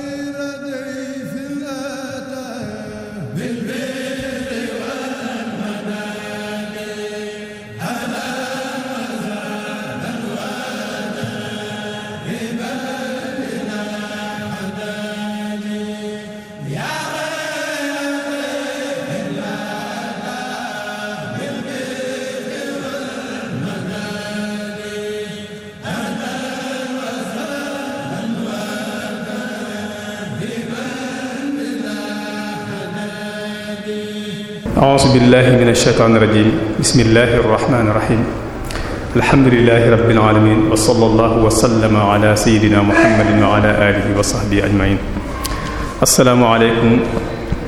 خير دين a'uuzu billahi mina shaytaani rajiim bismillahi rahmaani rahiim alhamdulillahi rabbil aalamiin wa sallallahu wa sallama ala sayyidina muhammadin wa ala aalihi wa sahbihi ajma'iin asalaamaaleykum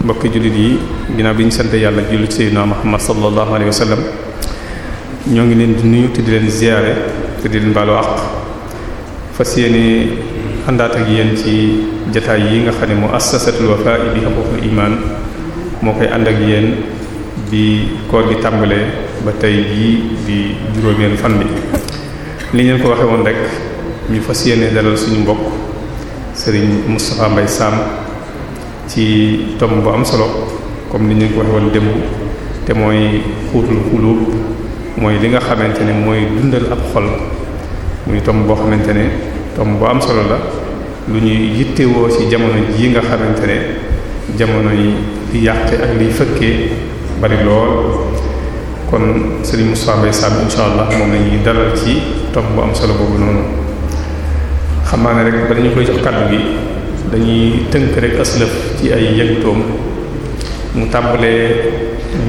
mbokki jullit yi ginnaaw bi ñu sant yàlla julli ci sayyidina muhammad sallallahu alayhi wa sallam ñoo ngi leen di nuyu te di leen ziyaare te di leen baalu àq fas yéene àndaat ak yéen ci jataay yi nga xam ne mu assasatul Wafa bi Haqqul Iman moo koy ànd ak yéen bi koor gi tàmbalee ba tey jii di juróomeelu fan bi li ngeen ko waxee woon rek ñu fas yéene dalal suñu mbokk Serigne Moustapha Mbaye Sam ci tomb bu am solo comme ni ñu woon démb te mooy xuutul mooy li nga xamante ne mooy dundal ab xol muy tomb boo xamante ne tomb bu am solo la lu ñuy yittewoo ci jamono jii nga xamante ne jamono yi di yàqte ak liy fëkkee bari lool kon sëriñ Moussa Mbaye Samb insha allah moom lañuy ñuy dalal ci tomb bu am solo boobu noonu xam ne rek ba dañu koy jox kàddu gi dañuy tënk rek aslëf ci ay yëgtoom mu tàmbalee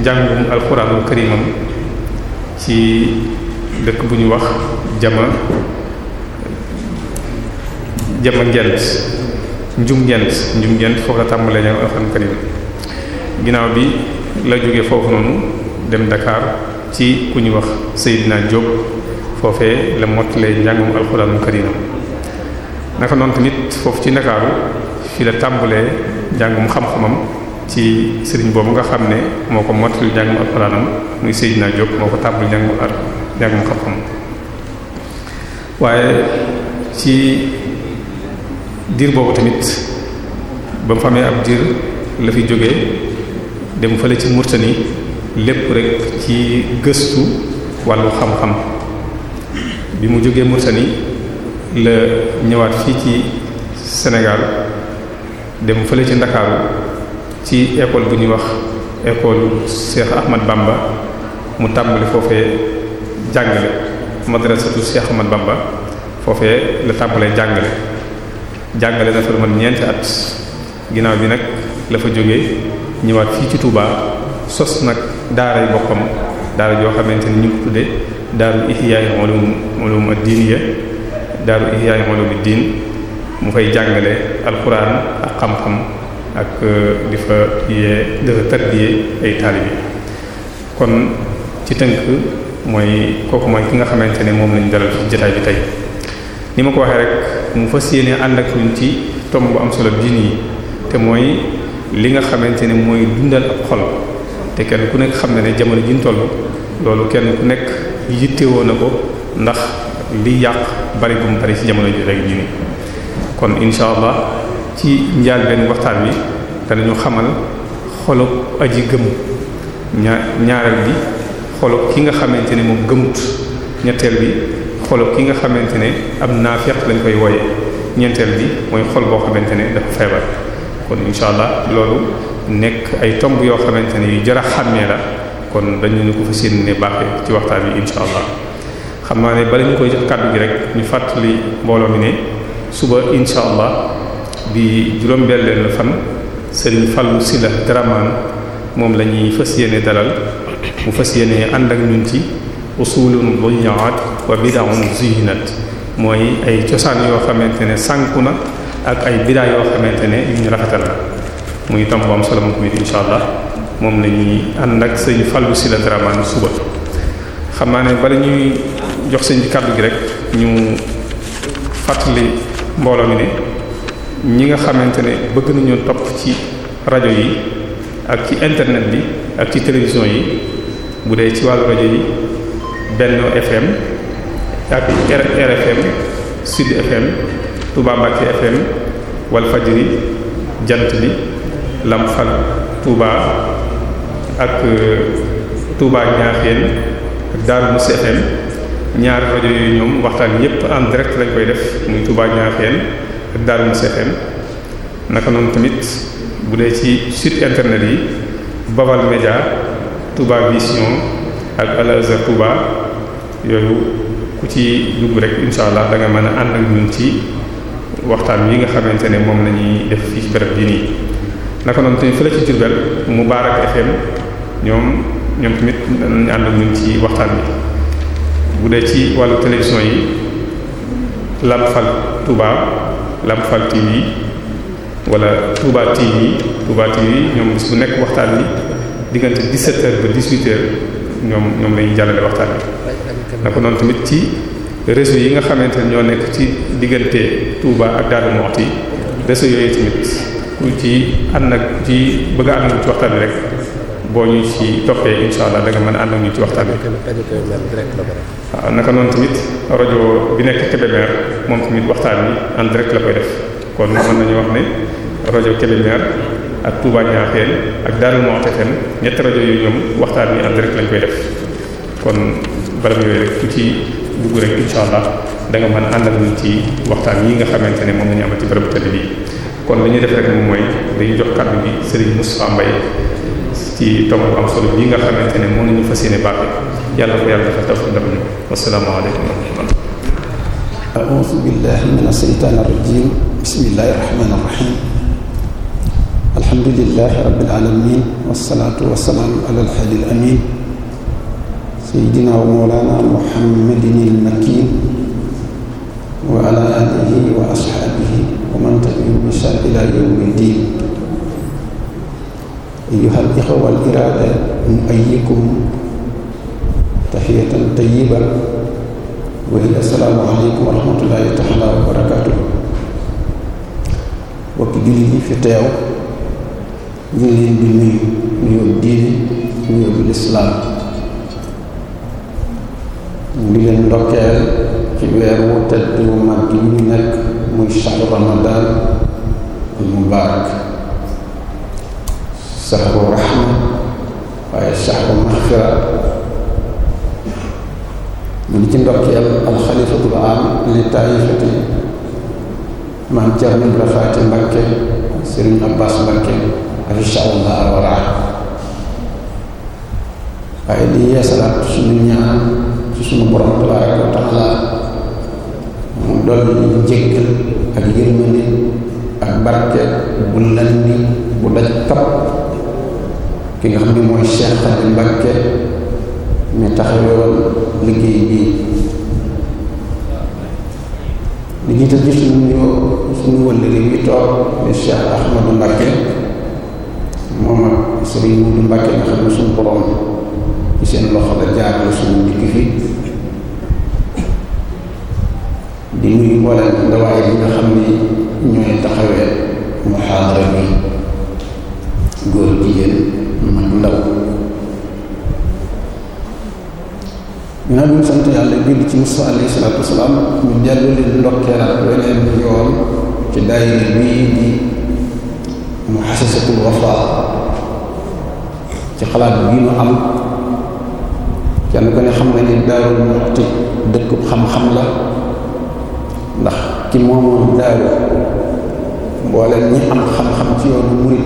njàngum alxuraanul karimam ci dëkk bu ñu wax jama jama ngent njum ngent njum ngent foofu la tàmbalee njàngum alxuraanul karim ginnaaw bi la jóge foofu noonu dem Dakar ci ku ñu wax Seydina Diop foofee la mottalee njàngum alxuraanul karim naka noonu tamit foofu ci Dakar fi la tàmbalee njàngum xam-xamam ci sëriñ boobu nga xam ne moo ko mottali njàngum alxuraanam muy Seydina Diop moo ko tàmbali njàngum al njàngum xam-xam waaye ci diir boobu tamit ba mu xamee ab diir la fi jógee. dem fële ci Murtani lépp rek ci gëstu wàllu xam-xam bi mu jógee Murtani la ñëwaat fii ci Sénégal dem fële ci Ndakaaru ci école bu ñuy wax école Cheikh Ahmad Bamba mu tàmbali foofee jàngale madrasatu Cheikh Ahmad Bamba foofee la tàmbalee jàngale jàngale na fa lu ñeenti at ginnaaw bi nag la fa jógee ñëwaat fii ci Touba sos nag daaray boppam daara joo xamante ni ñu ngi ko tuddee daaru Ihyaa'ul Ulum ulum ad-diiniyya daaru Ihyaa'ul Ulum ad-diin mu fay jàngale alxuraan ak xam-xam ak euh, di fa yee di fa tarbiyee ay taalibe kon ci tënk mooy kooku mooy ki nga xamante ne moom lañu dalal fi jotaay bi tey ni ma ko waxee rek mu fas yéene ànd ak ñun ci tomb am solo diin yi te mooy. li nga xamante ne mooy dundal ab xol te kenn ku nekk xam na ne jamono ji ñu loolu kenn ku nekk yittewoo na ko ndax li yàq bari bu mu bari ci jamono ji rek ñu ni kon incha allah ci njaal benn waxtaan bi danañu xamal xolub aji gëm ña ñaareel bi xolub ki nga xamante ne moom gëmut ñetteel bi xolub ki nga xamante ne ab naafeq lañ koy wooye ñeenteel bi mooy xol boo xamante ne dafa feebar kon incha allah loolu nekk ay tomb yoo xamante ne yu jar a xàmmee la kon dañu ñu ko fas yéene baaxee ci waxtaan bi incha allah xam naa ne bala ñu koy jox kàddu gi rek ñu fàttali mbooloo mi ne suba incha allah bi juróom-benn fan Serigne Fallou Sylla Dramane moom la ñuy fas yéene dalal mu fas yéene ànd ak ñun ci usulun buyaat wa bid'un zihinat mooy ay cosaan yoo xamante ne sànku na. ak ay bidaa yoo xamante ne yu ñu rafetal la muy tomboom solo moom tamit insha allah moom la ñuy ànd ak sëñ la Sylla Dramane suba xam naa ne bala ñuy jox sëñ bi kàddu gi rek ñu fàttali mbooloo mi ne ñi nga xamante ne bëgg nañu topp ci rajo yi ak ci internet bi ak ci télévision yi bu dee ci wàllu rajo yi Benno FM ak RFM Sud FM Touba Mbacke FM Walfajri jant bi Lamfal Touba ak euh, Touba Ñaaxeen ak Darou Moukhty FM ñaari rajo yooyu ñoom waxtaan yépp en direct lañ koy def muy Touba Ñaaxeen ak Darou Moukhty FM naka noonu tamit bu dee ci site internet yi Baval Média Touba Vision ak Al Azhar Touba yooyu ku ci dugg rek incha allah da nga mën ànd ak ñun ci. waxtaan wi nga xamante ne moom lañuy def fii ci béréb bii nii naka noonu tamit fële ci Diourbel Moubarak FM ñoom ñoom tamit danañ ànd ak ñun ci waxtaan bi. bu dee ci wàll télévision yi Lamp Fall Touba Lamp Fall TV wala Touba TV Touba TV ñoom bis bu nekk waxtaan bi diggante 17h ba 18 ñoom ñoom la ñuy jàllale waxtaan bi naka noonu tamit ci. réseau yi nga xamante ne ñoo nekk ci diggante Touba ak Darou Moukhty réseau yooyu tamit ku ci ànd nag ci bëgg a ànd ci waxtaan rek boo ñu ci toqee insha allah da nga mën a ànd ñu ci waxtaan waaw naka noonu tamit rajo bi nekk Kébémer moom tamit waxtaan bi en la koy def kon mën nañu wax ne rajo Kébémer ak Touba Niakhène ak Darou Moukhty ñett rajo yooyu ñoom waxtaan bi en direct lañ koy def kon balam yooyu rek ku ci dugg rek incha allah da nga mën ànd ak ci waxtaan yi nga xamante ne moom la ñu amal ci bërëbu bi kon li ñu def rek moom mooy dañu jox kàddu gi Serigne Moussa Mbaye ci tomb bu am solo bii nga xamante ne moom la ñu fas yéene baaxee yàlla ko yàlla dafa taw ndam ñu wasalaamaaleykum wa rahmatullah a'uuzu billahi mina shaytaani rajiim bismillahi rahmaani rahiim alhamdulillahi rabbil aalamiin wassalaatu wassalaamu alal haadil amiin سيدنا ومولانا محمد المكين وعلى آله وأصحابه ومن تبعهم بإحسان إلى يوم الدين أيها الإخوة الإرادة نؤيكم تحية طيبة وهي السلام عليكم ورحمة الله تعالى وبركاته bokki jullit yi fi teew ñu ngi leen di nuyu nuyoo diine nuyoo bi lislaam ñu ngi leen ndokkeel ci weer wu tedd wu mag yi al mubarak shahru rahma waaye shahru maxfira ñu ngi ci ndokkeel alxalifatul am li taayifati maam Cerno Ibra Faati Mbakke Sëriñ Abbas Mbakke afishallah wara waaye di yeesalaat suñu ñaan ci sunu borom tabaraka wa taala mu doon ñu jéggal ak yërmande ak barke bu landi bu daj kap ki nga xam ne mooy Cheikh Xadim Mbakke mi taxawoon liggéey bii li jiite ci suñu nuyoo suñu wëllëri bi toog ni Cheikh Ahmadou Mbakke moom ak Serigne Moudou Mbakke nga xam ne suñu borom ci seen loxo la jaarale suñu dikk fi di nuyu mboolem ndawaay yi nga xam ni ñooy taxawee muhaadara bi góor jigéen mag ndaw ñoo ñu sant yàlla julli ci Musaa alayhi salaatu wasalaam ñu dellu leen ndokkeelaat weneen yoon ci daayira bii di muassasatul Wafa ci xalaat bi ñu am kenn ko ne xam nga ni daaru muxti dëkkub xam-xam la ndax ki moomoon daaru mboolem ñi am xam-xam ci yoonu murit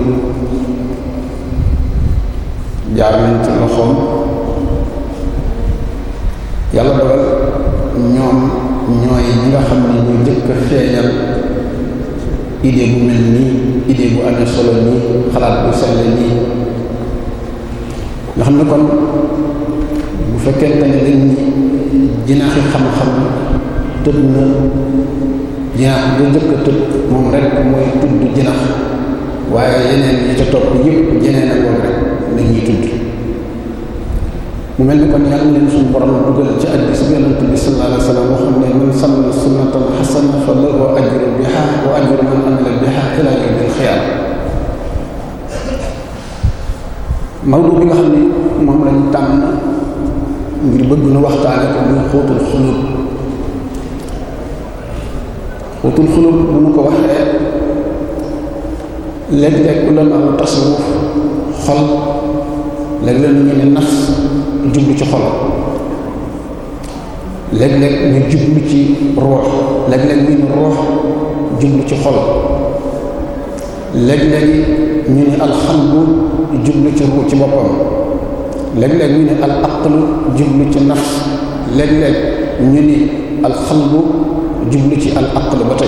jaar nañ ci loxoom yàlla dogal ñoom ñooy ñi nga xam ne ñu jëkk feeñal idée bu mel nii idée bu amee solo nii xalaat bu sell nii nga xam ne kon fekkente ne dañ jinaaxi xam-xam tëb na jinaax bu njëkk a moom rek mooy tudd jinaax waaye yeneen yi ca topp yëpp yeneen ak woon rek la tudd mu mel ni kon yàlla leen suñu borom dugal ci hadiis bi yonent bi sallallahu alayhi wa sallam moo xam ne man sanna sunnatan xasana fa lahu ajru biha wa ajru man amila biha ila yawmil xiyaama mawdu bi nga xam ne moom lañ tànn ngir bëgg nu waxtaane ko muy xóotul xulub xóotul xulub bu nu ko waxee léeg-léeg ulama bu tasawuf xol léeg-léeg ci xol léeg-léeg ñu jublu ci ruux léeg-léeg ñu ne ruux jublu ci xol léeg-léeg ñu ne alxamdu jublu ci ruux ci boppam léeg-léeg ñu ne al aqlu jublu ci nax léeg-léeg ñu ni al xalbu jublu ci al aqlu ba tey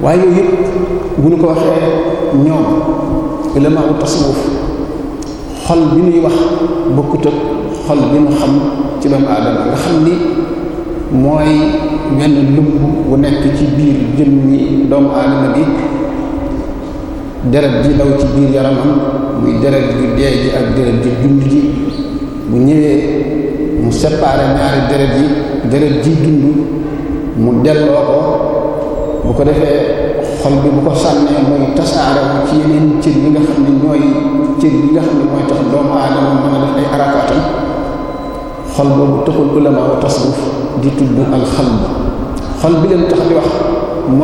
waaye yooyu yëpp bu ñu ko waxee ñoom ulama u tasawuf xol bi ñuy wax bokkut ak xol bi ñu xam ci doomu aadama nga xam ni mooy wenn lumb bu nekk ci biir mi doomu aadama bi deret ji daw ci biir yaramam muy deret ju dee ji ak deret ju dund ji bu ñëwee mu séparé ñaari deret yi deret ji dund mu delloo ko bu ko defee xol bi bu ko sànnee muy tasaare ko ci yeneen cër cër yi nga xam ne mooy tax doomu aadama boobu taxul ulama wa tasawuf bi leen bi nga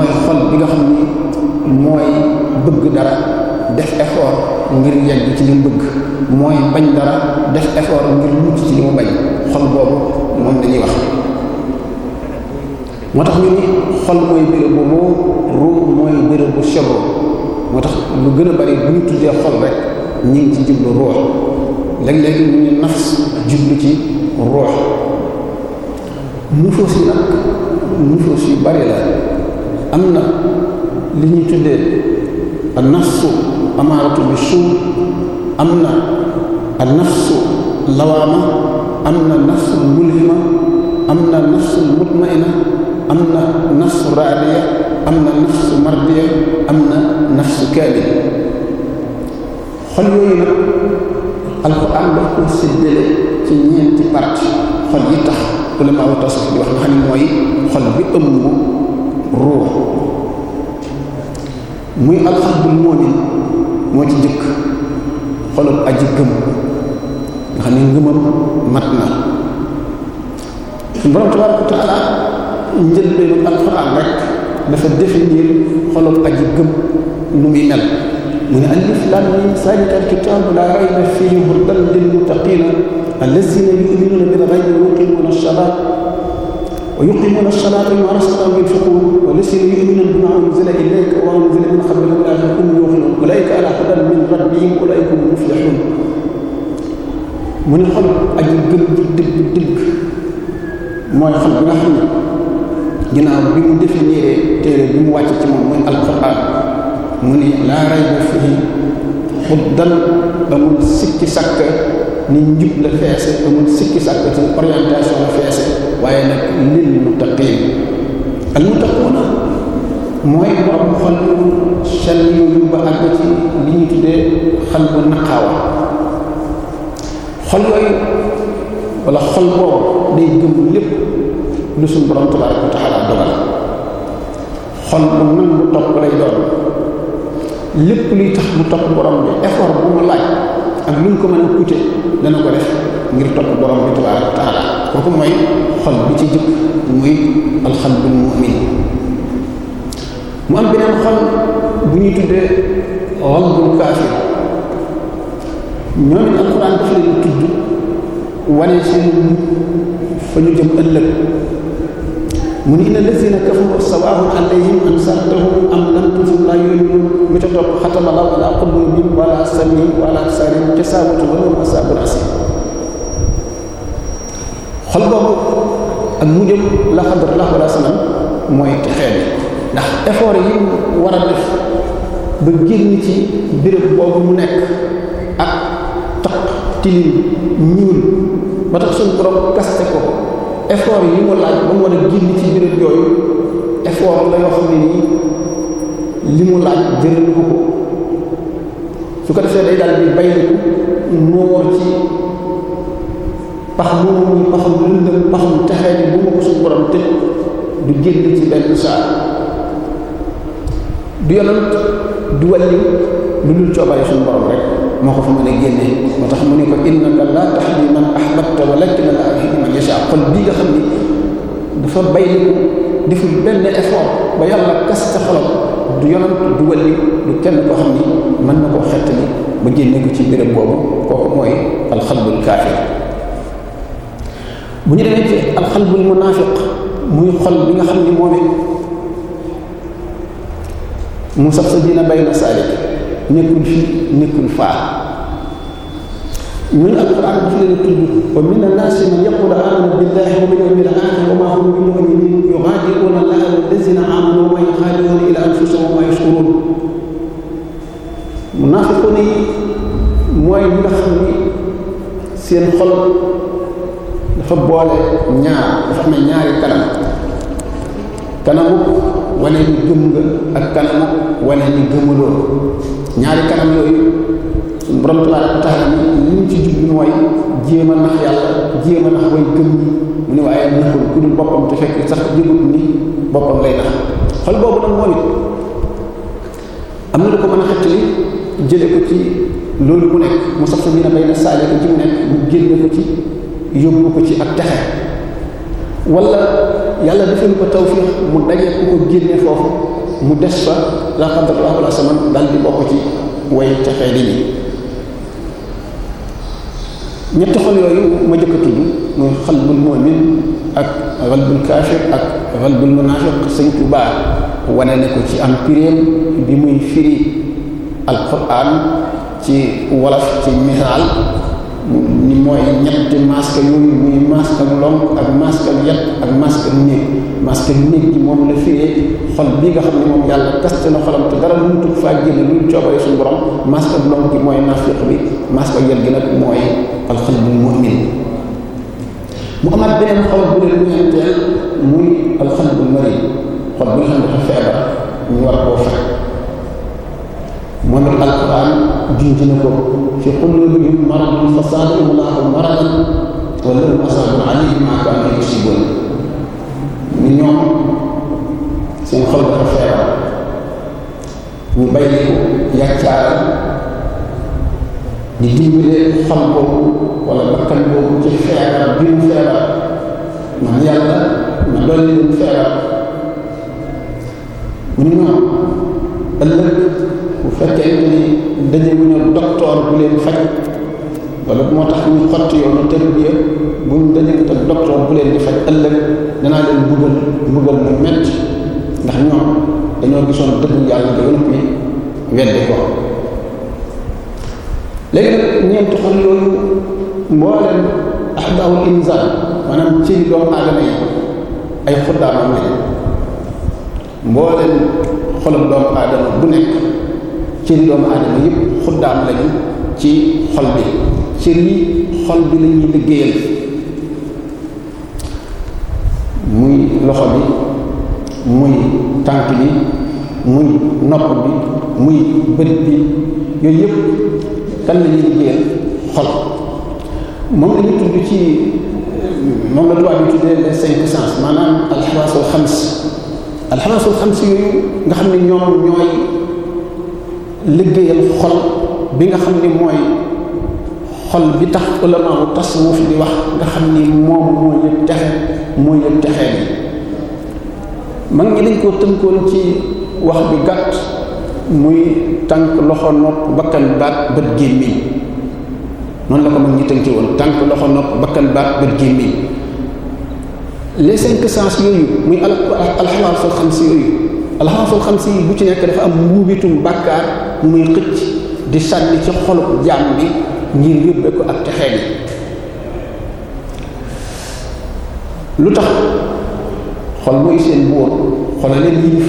xam ni mooy bëgg dara def effort ngir yegg ci li mu bëgg mooy bañ dara def effort ngir mucc ci limu mu bañ xol boobu moom dañuy wax moo tax ñu ni xol mooy béréb bu moo mooy béréb bu moo tax lu gën a bari bu ñu tuddee xol rek ñu ngi ci jublu ruux léeg-léeg ñu ni nafs jublu ci ruux nufoos yi nag nufoos yu bari la am na li ñuy tuddee nafsu amaaratu bi suu am na nafsu lawaama am na nafsu mulhima am na nafsu mutmaina am na nafsu raadiya am na nafsu mardiya am na nafsu kaadi xol yooyu nag alquran daf ko séddale ci ñeenti parti xol yi tax ulama wa tasawuf di wax nga xam mooy xol bi ëmb ruux muy alxabul moomin moo ci jëkk xolub aji gëm nga xam ne ngëmam mat na suñu borom tabaraka wa taala njëlbeelu alxuraan rek dafa définir xolub aji gëm nu muy mel mu ne alif lam mim zalika alkitabu la rayba fihi hudan lil muttaqina allazina yu'minuna bil ghaybi wa yuqimuna as-salata ويقيمون الصلاة ومما رزقهم ينفقون والذين يؤمنون بما أنزل إليك وأنزل من قبلك أولئك هم يوقنون أولئك على هدى من ربهم أولئك هم المفلحون mu ne xol ak yu gëm di dëgg dëgg mooy xol bi nga xam ne ginnaaw bi mu defee nii téere bi mu wàcc ci moom mooy alquran mu ne laa rayba fii xuddal ba mun sikki sàkk ni njub la feese amul sikki sàkk ci orientation la feese waaye nag lil muttaqin al muttaquna mooy bu xol sell yooyu ba li ñu tuddee xal bu naqaawa xol yooyu wala xol boobu day gëm lépp lu suñ borom tabaraka wa taala dogal xol bu nangu topp lay doon lépp luy tax mu topp borom bi effort bu mu laaj ak lu ko mën a kuute dana ko def ngir topp borom bi tabarak wa taala kooku mooy xol bi ci jëkk muy alxalbul mu'min mu am beneen xol bu ñuy tuddee xalbul kaafir ñooñu alxuraan dafa tudd wane seen fa ñu jëm ëllëg mu ni inna lazina kafaru sawaahun alayhim anzartahum am lam tunzir laa yu'minuun mu ca topp xatama Allaahu alaa quluubihim wa alaa sam'ihim wa alaa absaarihim gisaamatun wa lahum azaabun aziim xol boobu ak mujjam la xadar la wala sanam mooy ci xeel yi ndax effort yi war a def ba génn ci béréb boobu mu nekk ak taq tilim ñuul ba tax suñu borom kaste ko effort yi mu laaj ba mu war a génn ci béréb yooyu effort la yoo xam ne nii li mu laaj jëlalu ko ko su ko defee day daal di bayliku noor ci pax moomu muy paxam lëndëm paxam texee ni bu ma ko suñu borom tëj du génn ci benn saa du yonant du wàlli lu dul coobare suñu borom rek moo ko fa mën a génne moo tax mu ne ko innaka la tahdi man ahbabta walakinna la yahdi man yasha xol bii nga xam ni dafa bay deful benn effort ba yàlla kas sa xolam du yonant du wàlli du kenn koo xam ni mën na koo xettali ba génne ko ci béréb boobu kooku mooy alxalbul kaafir bu ñu demee ci alxalbul munaafiq muy xol bi nga xam ni moom mu sax sa dina bay na saalik nekkul fii nekkul faa ñun alquran daf leen a tudd wa mina naasi man yaqulu amana billahi wa bil yawmil axir wa ma hum bi muminin yuxaadiuuna allaha wallazina ila anfusihim wa ma yashkurun munaafiqun yi mooy ñi nga xam ni seen xol dafa boole ñaar dafa amee ñaari kanam kanamu wane ni gëm nga ak kanamu wane ni gëmuloo ñaari kanam yooyu borom tabaaraka taala ni ñu ci jublu mooy jéem a nax yàlla jéem a nax way gëm mu ne waaye boppam te fekk sax ni boppam lay nax xol boobu nag moom am na lu ko mën a xettali jële ko ci loolu mu nekk mu sax sa dina bay na saale ko ci mu nekk mu génne ko ci yóbbu ko ci ak texe wala yàlla defal ko tawfiix mu daje ku ko génne foofu mu des fa la xamdatulah wala saman dal di bokk ci way texee di ñi ñetti xol yooyu ma jëkk a tudd muy xalbul mu'min ak xalbul kaafir ak xalbul munaafiq sëñ Tuubaa wane ne ko ci am piréem bi muy firi alquran ci wolof ci misaal ni mooy ñetti masque yooyu muy masque ak lonk ak masque ak yet ak masque ak néeg masque ak néeg gi moom la firee xol bi nga xam ne moom yàlla kaste na xolam te dara mënut a faa génn lu coobare suñu borom masque ak lonk gi mooy naafiq bi masque ak yet mooy alxalbul mu'min mu amaat beneen xol bu dee ñeenteel muy alxalbul marid xol bi xam ne dafa feebar ñu war koo faj moom it alquran junj na ko fi qulubihim maradun fasaadahum allahu maradan wa lahum asaabun alayhim ma kaanu yusibuun ni ñoom seen xol dafa feebar ñu bàyyi ko yàccaaral di dimbale xol boobu wala bakkan boobu ci feebar bi mu feebar man yàlla ma dolli leen feebar ñu ñoom ëllëg fekkente ni daje bu ñu docteur bu leen faj wala moo tax ñu xotti yoonu tërbiya bu ñu daje ak docteur bu leen di faj ëllëg danaa leen mbugal mbugal mu metti ndax ñoom dañoo gisoon dëgg yàlla da yonut ko léegi nag ñeenti xol yooyu mbooleem ahdaawul insan maanaam ci doomu aadama yi ay xuddaamam lañ mbooleem xolam doomu aadama bu nekk cër doomu aadama yëpp xuddaam lañu ci xol bi cër yi xol bi lañuy liggéeyal muy loxo bi muy tànk bi muy nopp bi muy bët bi yooyu yëpp kan lañuy liggéeyal xol moom lañu tudd ci moom la tubaab bi tuddee les cinq sens maanaam alxawaasul xams alxawaasul xams yooyu nga xam ne ñoom ñooy liggéeyal xol bi nga xam ni mooy xol bi tax ulamaawu tasawuf di wax nga xam ni moom moo yëg texe moo yëg texe bi mag ñi dañ koo tënkoon ci wax bi gàtt muy tànk loxo nopp bakkan baat bët gémmiñ noonu la ko mag ñi tënki tànk loxo nopp bakkan baat bët gémmiñ les cinq yooyu muy al xam si yooyu alxawaaful xam si bu ci nekk dafa am muubitum bàkkaar muy xëcc di sànni ci xolub jaam bi ngir yóbbe ko ak texee bi lu tax xol mooy seen buur xola leen yilif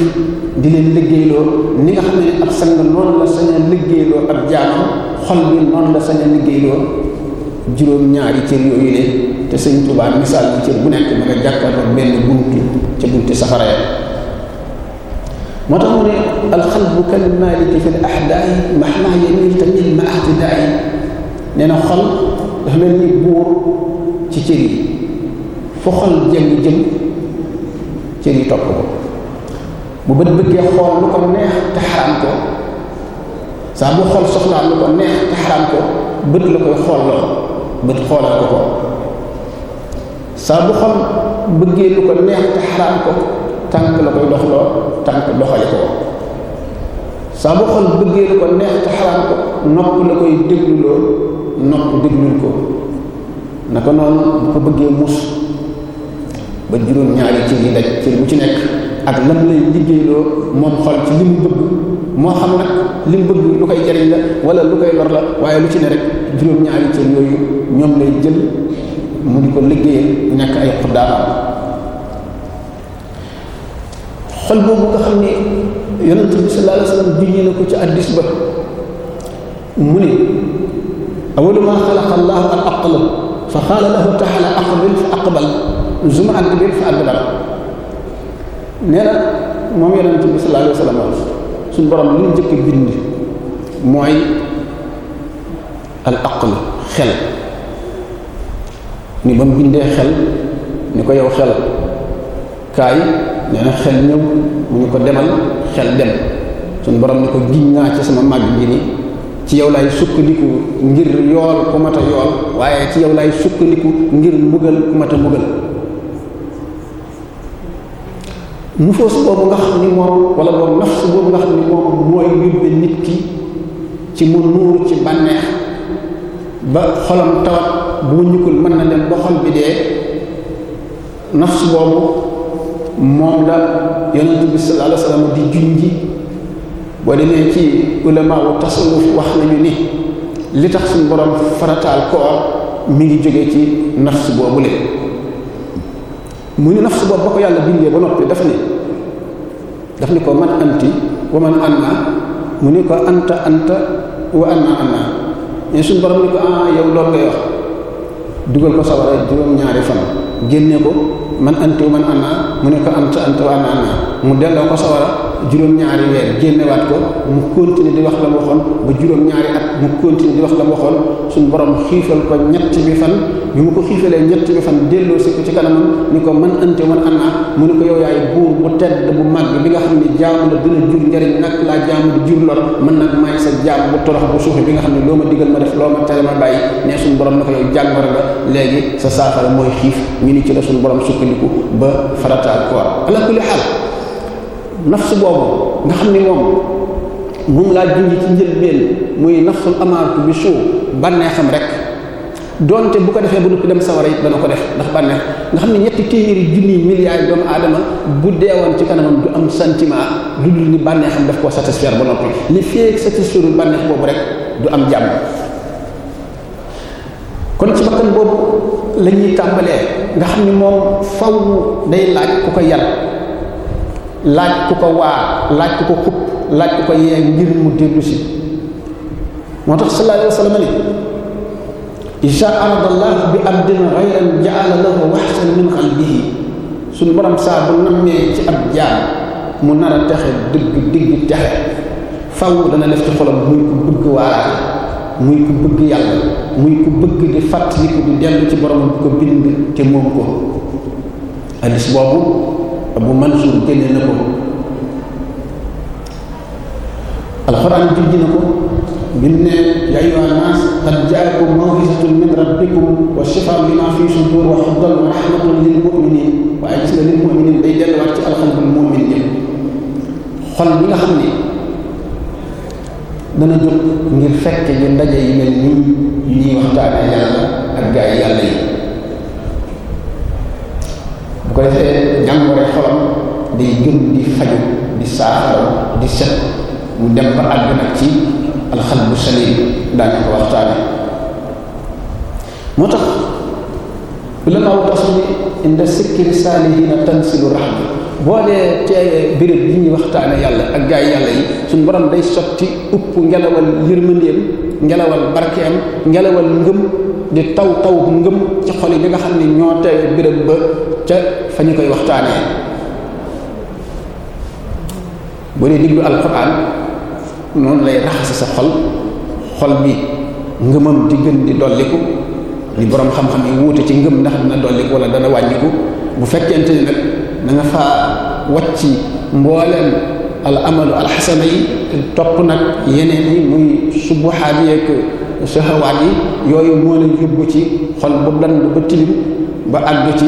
di leen liggéeyloo ni nga xam ne ab sang noonu la sañ a liggéeyloo ab jaamam xol bi noonu la sañ a liggéeyloo juróom ñaari cër yooyu leen te sëñ Tuubaa misaal bi cër bu nekk ma nga jàkkaarloo benn buntu ca bunti safara ya moo tax mu ne alxalbu kal maliki fi l ahdaay mahma yamil tamit ma ahtidaay nee na xol dafa mel ni buur ci cër yi fu xol jëm jëm cër yi topp ko bu bët bëggee xool lu ko neex te xaram ko soxlaa lu ko neex ko bët la koy xool loo bët xoolal ko saa bu xol bëggee lu ko neex te xaraam ko tànk la koy dox loo tànk doxale ko saa bu xol bëggee lu ko neex te xalaat ko nopp la koy dégluloo nopp déglul ko naka noonu bu ko bëggee muus ba juróom ñaari cër yi daj cër bu ci nekk ak lam lay liggéeyloo moom xol ci li bëgg moo xam nag li mu bëgg lu koy jariñ la wala lu koy lor la waaye lu ci ne rek juróom ñaari cër yooyu ñoom lay jël mu di ko liggéeyal nekk ay xuddaama xol boobu nga xam ne yonent bi sallallahu alayhi wasallam na ko ci addis ba mu ni awalu ma xalaqa allahu al aql fa qaala lahu taala aqbil fa aqbal zuma adbir fa adbar nee bi sallallahu alayhi wasallam suñu li ñu njëkk mooy al aql xel ni ba mu bindee xel ni ko yow xel kaay nee na xel ñëw mu ñu ko demal xel dem suñu borom na ko giñ naa ci sama màgg gi ni ci yow lay sukkandiku ngir yool ku yool waaye ci yow laay sukkandiku ngir mbugal ku mat a mbugal nufoos boobu nga xam ni moom wala boobu nafs boobu nga xam ni moom mooy yóbbe nit ki ci mu nuur ci bànneex ba xolam tawat bu mu ñukkul mën na dem ba xol bi dee nafs boobu moom la yonent bi sallallahu alayhi wasallam di junji boo demee ci ulama wu tasawuf wax nañu ni li tax suñu borom farataal koor mi ngi jóge ci nafs boobu leen mu ni nafs boobu ba ko yàlla bindee ba noppi daf ni daf ni ko man anti wa man anna mu ni ko anta anta wa anna anna mais suñu borom ni ko ah yow loolu ngay wax dugal ko sawara juróom-ñaari fan génne ko man anti man mu ne ko ant ant wa anna anna mu delloo ko sawara juróom-ñaari weer génnewaat ko mu continuer di wax la mu waxoon ba juróom-ñaari at mu continuer di wax la mu waxoon suñu borom xiifal ko ñett bi fan bi mu ko xiifalee ñett bi fan delloo si ko ci kanamam ni ko man ante man ana mu ne ko yow yaay buur bu tedd bu màgg bi nga xam ne jaamu la dina jur njariñ laa jaamu di jur lot man nag maay sa jaam bu torox bu suufi bi nga xam ne loo ma digal ma def loo ma tere ma bàyyi ne suñu borom na ko yow jàngoro la léegi sa saafara mooy xiif ñu ni ci la suñu borom sukkandiku ba farataal koor ala kulli xaal nafs boobu nga xam ni moom moom laa junj ci njëlbeen muy nafsul amaatu bi suu bànneexam rek doonte bu ko defee bu noppi dem sawara yi dana ko def ndax bànneex nga xam ne ñetti téeméeri junni milliards doomu aadama bu deewoon ci kanamam du am sentiment lu dul ni bànneexam daf koo satisfaire ba noppi li feek satisfaire bànneex boobu rek du am jàmm kon ci bakkan boobu la ñuy tàmbalee nga xam ni moom faw day laaj ku ko yar laaj ku ko waar laaj ku ko xub laaj ku ko yee ngir mu déglu moo tax sallallahu alayhi wa sallam ni isa aradallah bi abdin xayran jaala lahu waxsan min xalbihi suñu borom saa bu nammee ci ab jaam mu nar a texe dëgg digg texe faw dana def ci xolam muy ku bëgg waaraate muy ku bëgg yàlla muy ku bëgg di fàttaliku di dellu ci borom bu ko bind te moom ko hadis boobu Abu Mansour génne na ko alxuraan jibji na ko a ne yaa ayyuhan naas qad jaakum min rabbikum wa shifaa limaa fii sudur wa hudan wa rahmatun lil mu'minin waaye gis lil mu'minin day delluwaat ci alxalbul mu'min ji xol bi nga xam ne dana jóg ngir fekk ñu ndaje yi mel nii ñuy waxtaane yàlla ak gaa yi yàlla yi bu ko defee di xolam day gën di faju di saafara di set mu dem ba àgg nag ci alxalbu salim daañu ko waxtaane moo tax ulama wu tas ni inda sikkiri saalihiina tansilu rahma boo dee teewee béréb yi ñuy waxtaane yàlla ak gaay yàlla yi suñu borom day sotti upp ngelawal yërmandeem ngelawal barkeem ngelawal ngëm di taw taw ngëm ci xol yi nga xam ne ñoo teewee béréb ba ca fa ñu koy waxtaanee boo dee diglu alquran noonu lay raxas sa xol xol bi ngëmam di gën di dolliku li boroom xam-xam yi wuute ci ngëm ndax dina dolliku wala dana wàññiku bu fekkente ni nag na nga faa wàcc mbooleem al amalu alxasana yi topp nag yeneen yi muy subuxaat yeeg sahawaat yi yooyu moo leen yóbbu ci xol bu dan ba tilim ba àgg ci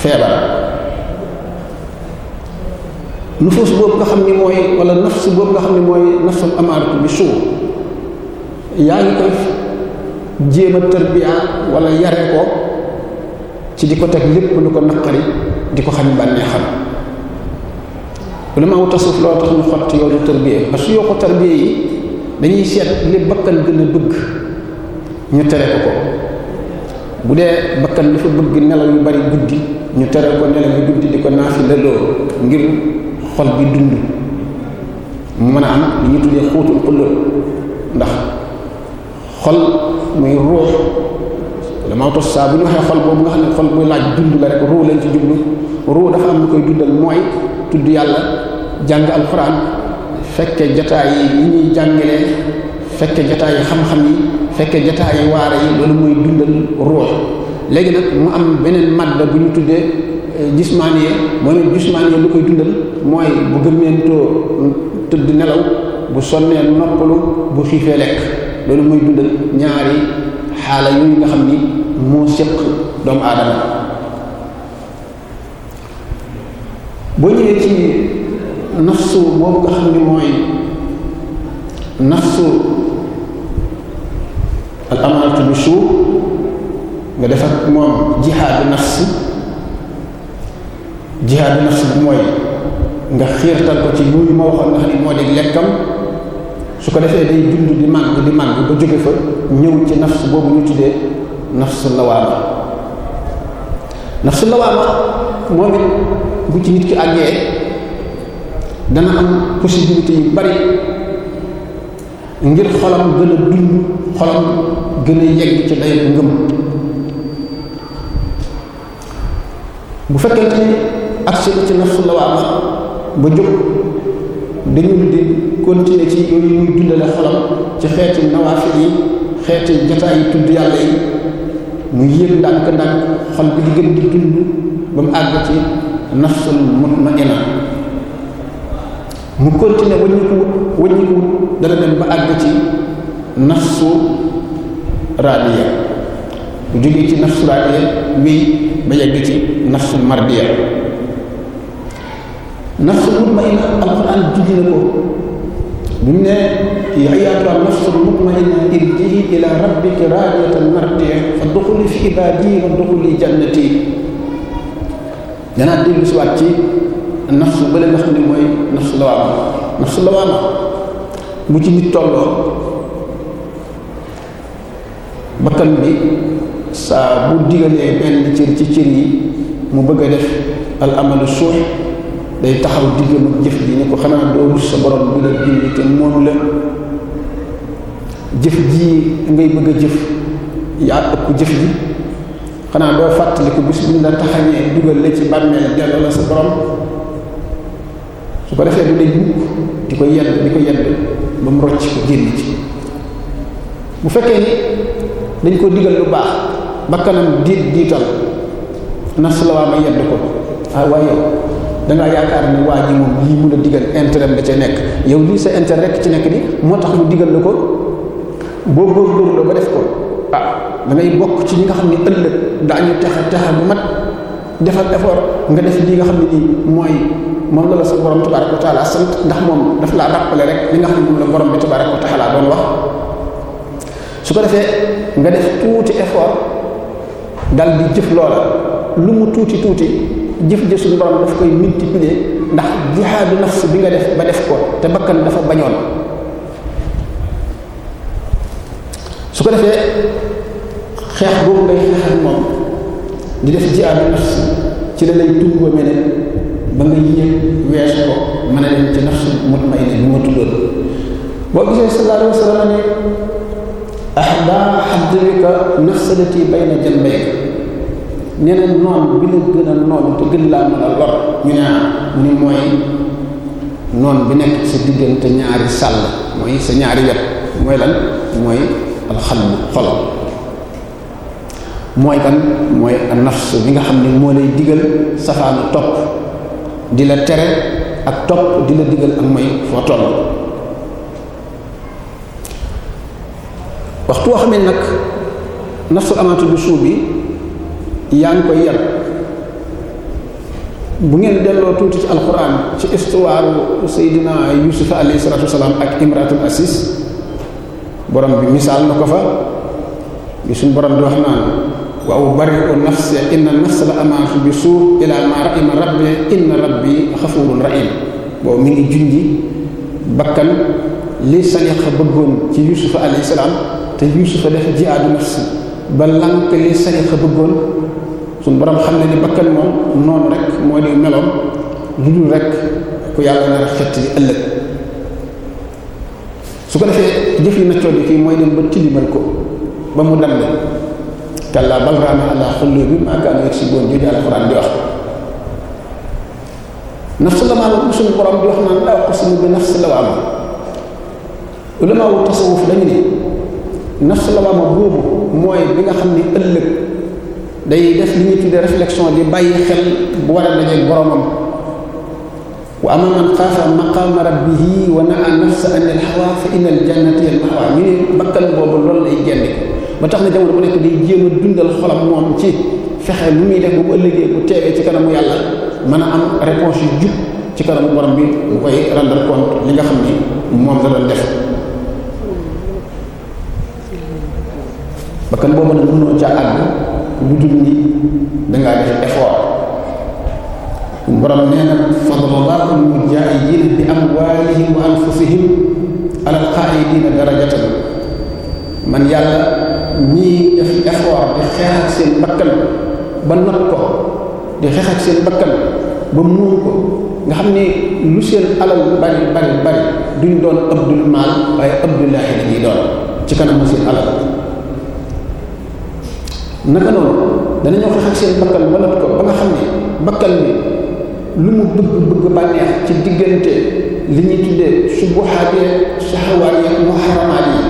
feebar nufus boobu nga xam ni mooy wala nafs boobu nga xam ni mooy nafsul amaaratu bi suu yaa ngi koy jéem a tarbiya wala yare ko ci di ko teg lépp lu ko naqari di ko xam bànnee xam ulama wu tasuf loolu tax ñu xott yow lu tarbiya parce que yoo ko tarbiya yi dañuy seet li bakkan gën a bëgg ñu tere ko ko bu dee bakkan dafa bëgg nelaw yu bari guddi ñu tere ko nelaw bi guddi di ko naafi la loo ngir xol bi dund mu mën a am li ñu tuddee xóotul xulóob ndax xol muy ruux wala mawto saa bu ñu waxee xol boobu nga xam ne xol buy laaj dund la rek ruux lañ ci jublu ruux dafa am lu koy dundal mooy tudd yàlla jàng alxuraan fekke jataay yi ñuy jàngalee fekke jataay yi xam-xam yi fekke jataay yi waare yi loolu mooy dundal ruux léegi nag mu am beneen madda bu ñu tuddee euh, jismaaniya mooy ne jismaaniya lu koy dundal mooy bu gëmmeentoo mm, tëdd nelaw bu sonnee noppalu bu xiifee lekk loolu mooy dundal ñaari xaala yooyu nga xam ni moo séq doomu aadama boo ñëwee ci nafsu boobu nga xam ni mooy nafsu al amaratu bi nga def ak moom jihaadu nafs jihaadu nafs bu mooy nga xiirtal ko ci luy ma waxoon nga xam ne moo di lekkam su ko defee day dund di màgg di màgg ba jóge fa ñëw ci nafs boobu ñu tuddee nafsu lawaama nafsu lawaama moom it bu ci nit ki àggee dana am possibilité yu bari ngir xolam gën a dund xolam gën a yegg ci dayo ngëm bu fekkente ni action ci nafsu la waa ba jóg dañu di continuer ci yooyu ñuy dundale xolam ci xeeti nawaafil yi xeeti jotaay yi tudd yàlla yi mu yéeg ndànk ndànk xol bi di gën di dund ba mu àgg ci nafsul mutmaina mu continuer wëññiku wëññiku dana ba àgg ci nafsu raadiya jógee ci nafsul aadiya wéy ba yegg ci nafsul mardiya nafsul mutmainna alquran julli na ko bu ñu ne yaa ayyatuha nafsul mutmainna irji'i ila rabbiki raadiyatan mardiya fadxuli danaa dellu si waat ci nafsu bële nga xam ne mooy nafsu lawaama nafsu lawaama bu ci nit tolloo bakkan bi sa bu digalee benn cër ci cër yi mu bëgg a def al amalu day taxaw diggam ak jëf ji ni ko xanaa doo rus sa borom bi la bind te moom la jëf ji ngay bëgg a jëf yaa ëpp jëf ji xanaa doo fàttaliku bis bu ñu la taxañee dugal la ci bàmmeel delloo sa borom su ko defee du day mukk di ko yedd di ko yedd ba mu rocc ko génn ci bu fekkee ni dañ ko digal lu baax bakkanam diit diital nafs la waa may yedd ko ah waaye dangaa yaakaar ni waa ji moom lii mu a digal intérêt da ca nekk yow lii sa intérêt rek ci nekk ni moo tax mu digal la ko boo góorgóorlu la ba def ko ah da ngay bokk ci li nga xam ne ëllëg daañu texa texa bu mat defal effort nga def li nga xam ne nii mooy moom nga la sa borom tabaraka wa taala sant ndax moom daf laa rappelé rek li nga xam ne moom la borom bi tabaraka doon wax ko defee nga def dal di jëf loola lu mu tuuti tuuti jëf jëf suñu borom daf koy multiplier ndax jihaadu nafs bi nga def ba def ko te bakkan dafa bañoon su ko defee xeex boobu ngay xeex ak moom di def jihaadu nafs ci la lay tudd ba mel ba nga yéeg weesu ko mën a dem ci nafsu mutmainna bi ma tuddoon boo gisee sallallahu alayhi wa sallam ne ahda haddika nafsalati bayna janbayka ne la noon bi la gën a noon te gën laa mën a lor ñu ne ah mu ni mooy noon bi nekk sa diggante ñaari sàll mooy sa ñaari wet mooy lan mooy alxalbu xol mooy kan mooy nafsu bi nga xam ne moo lay digal safaanu topp di la tere ak topp di la digal ak mooy foo toll waxtu woo xam ne nag nafsul amaatu bi suub bi yaa ngi koy yar bu ngeen delloo tuuti ci alquran ci histoire Seydina Yuusuf alayhi salaatu ak imratul asis borom bi misaal na ko fa bi suñ borom di wax naan wa ubarri'u nafsi inna nafsa la amaatu bi suu ila ma rahima inna rabbi xafuurun rahim boobu mi ngi junji bakkan li Salixa bëggoon ci Yuusuf alayhi salaam te Yuusufa def jihaadu nafsi ba lank li sarixa bëggoon suñ borom xam ne ni bakkan moom noonu rek moo di meloom lu dul rek ku yàlla nar a xett li ëllëg su ko defee jëf yi naccoon yi kii mooy dem ba tilimal ko ba mu dem kàllaa bal raana àla xullu bi maa kaanu yëg si boon jooju alxuraan di wax nafsu la maanaam suñu borom di wax naan laa uqsimu bi nafsi lawaama ulamaa wu tasawuf dañu ne lawaama boobu mooy bi nga xam ni ëllëg day def li ñuy tuddee réflexion di bàyyi xel bu war a dajeeg boromam waa ama man xaafa maqaama rabbihi wa naa nafsa an al hawa fa inna al jannata hiya al mahwa ñu ne bakkan boobu loolu lay génne ba tax na jamono bu nekk day jéem a dundal xolam moom ci fexe lu muy def bu ëllëgee bu teewee ci kanamu yàlla mën a am réponse yu jub ci kanamu borom bi mu koy rendre compte li nga xam ni moom la doon def bakkan boobu nag mënoo ca àgg lu dul ni dangaa def effort borom nee na fadlallahu lmujaahidina bi amwaalihim wa anfusihim alal qaaidiina darajatan man yàlla ñii def effort di xeex seen bakkan ba not ko di xeex seen bakkan ba muur ko nga xam ne lu seen alal bari bari bari duñ doon abdul maal waaye abdullahi lañuy doon ci kanamu seen alal naka noonu danañoo xeex ak seen bakkal ba ba nga xam ne bakkal bi lu mu bëgg bëgg bànneex ci diggante li ñuy tuddee subuhaat yi sahawaat yi muharamaat yi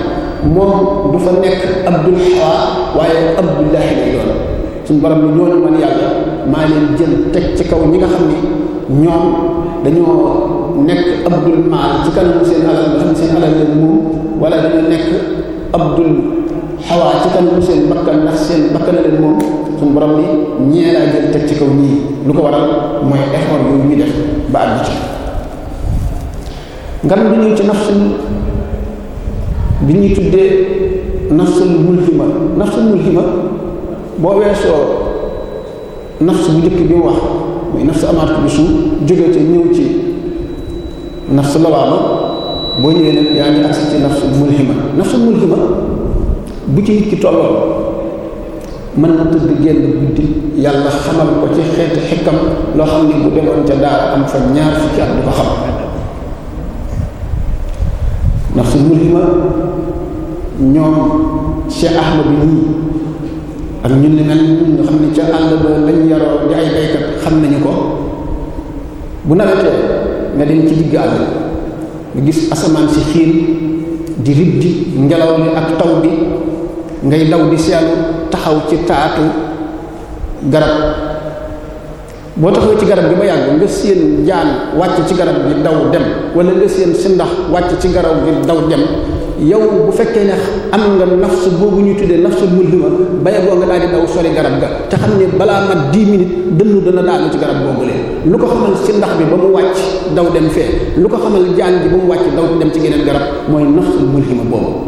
moom du fa nekk abdul hawa waaye abdullahi lay doon suñu borom lu ñooñu man yàlla maa leen jël teg ci kaw ñi nga xam ni ñoom dañoo nekk abdul maal ci kanamu seen seen alal moom wala dañu nekk abdul xawaa ci kanam seen bakkan ndax seen bakkan a leen moom suñu borom bi ñee laa jël teg ci kaw ñii lu ko waral mooy effort yooyu ñu def ba àgg ci ngan bi ñuy ci nafsul bi ñuy tuddee nafsul mulhima nafsul mulhima boo weesoo nafs bu njëkk bi mu wax muy nafs amaat ci ñëw ci nafs boo ñëwee nag yaa ngi agsi mulhima bu ci it ki tolloon mën na tëdd génn guddi yàlla xamal ko ci xeeti xikkam loo xam ne bu demoon ca daara am fa ñaar fukki at du ko xam ndax su mulima ñoom Cheikh Ahmad bi nii ak ñun li mel ñun nga xam ne ca àll ba lañ yaroo di ay baykat xam nañu ko bu nawetee nga dem ci digg àll nga gis asamaan si xiin di rib di ngelaw li ak taw bi ngay daw di seelu taxaw ci taatu garab boo taxaw ci garab gi ba yàgg nga séen jaan wàcc ci garab gi daw dem wala nga séen si ndax wàcc ci garab gi daw dem yow bu fekkee ne am nga nafsu boobu ñu tuddee nafsu mulhima baye boo nga daal di daw soli garab ga te xam ne balaa mat 10 minutes dënnu dana daanu ci garab boobu leen lu ko xamal si ndax bi ba mu wàcc daw dem fee lu ko xamal jaan bi ba mu wàcc daw dem ci geneen garab mooy nafsu mulhima boobu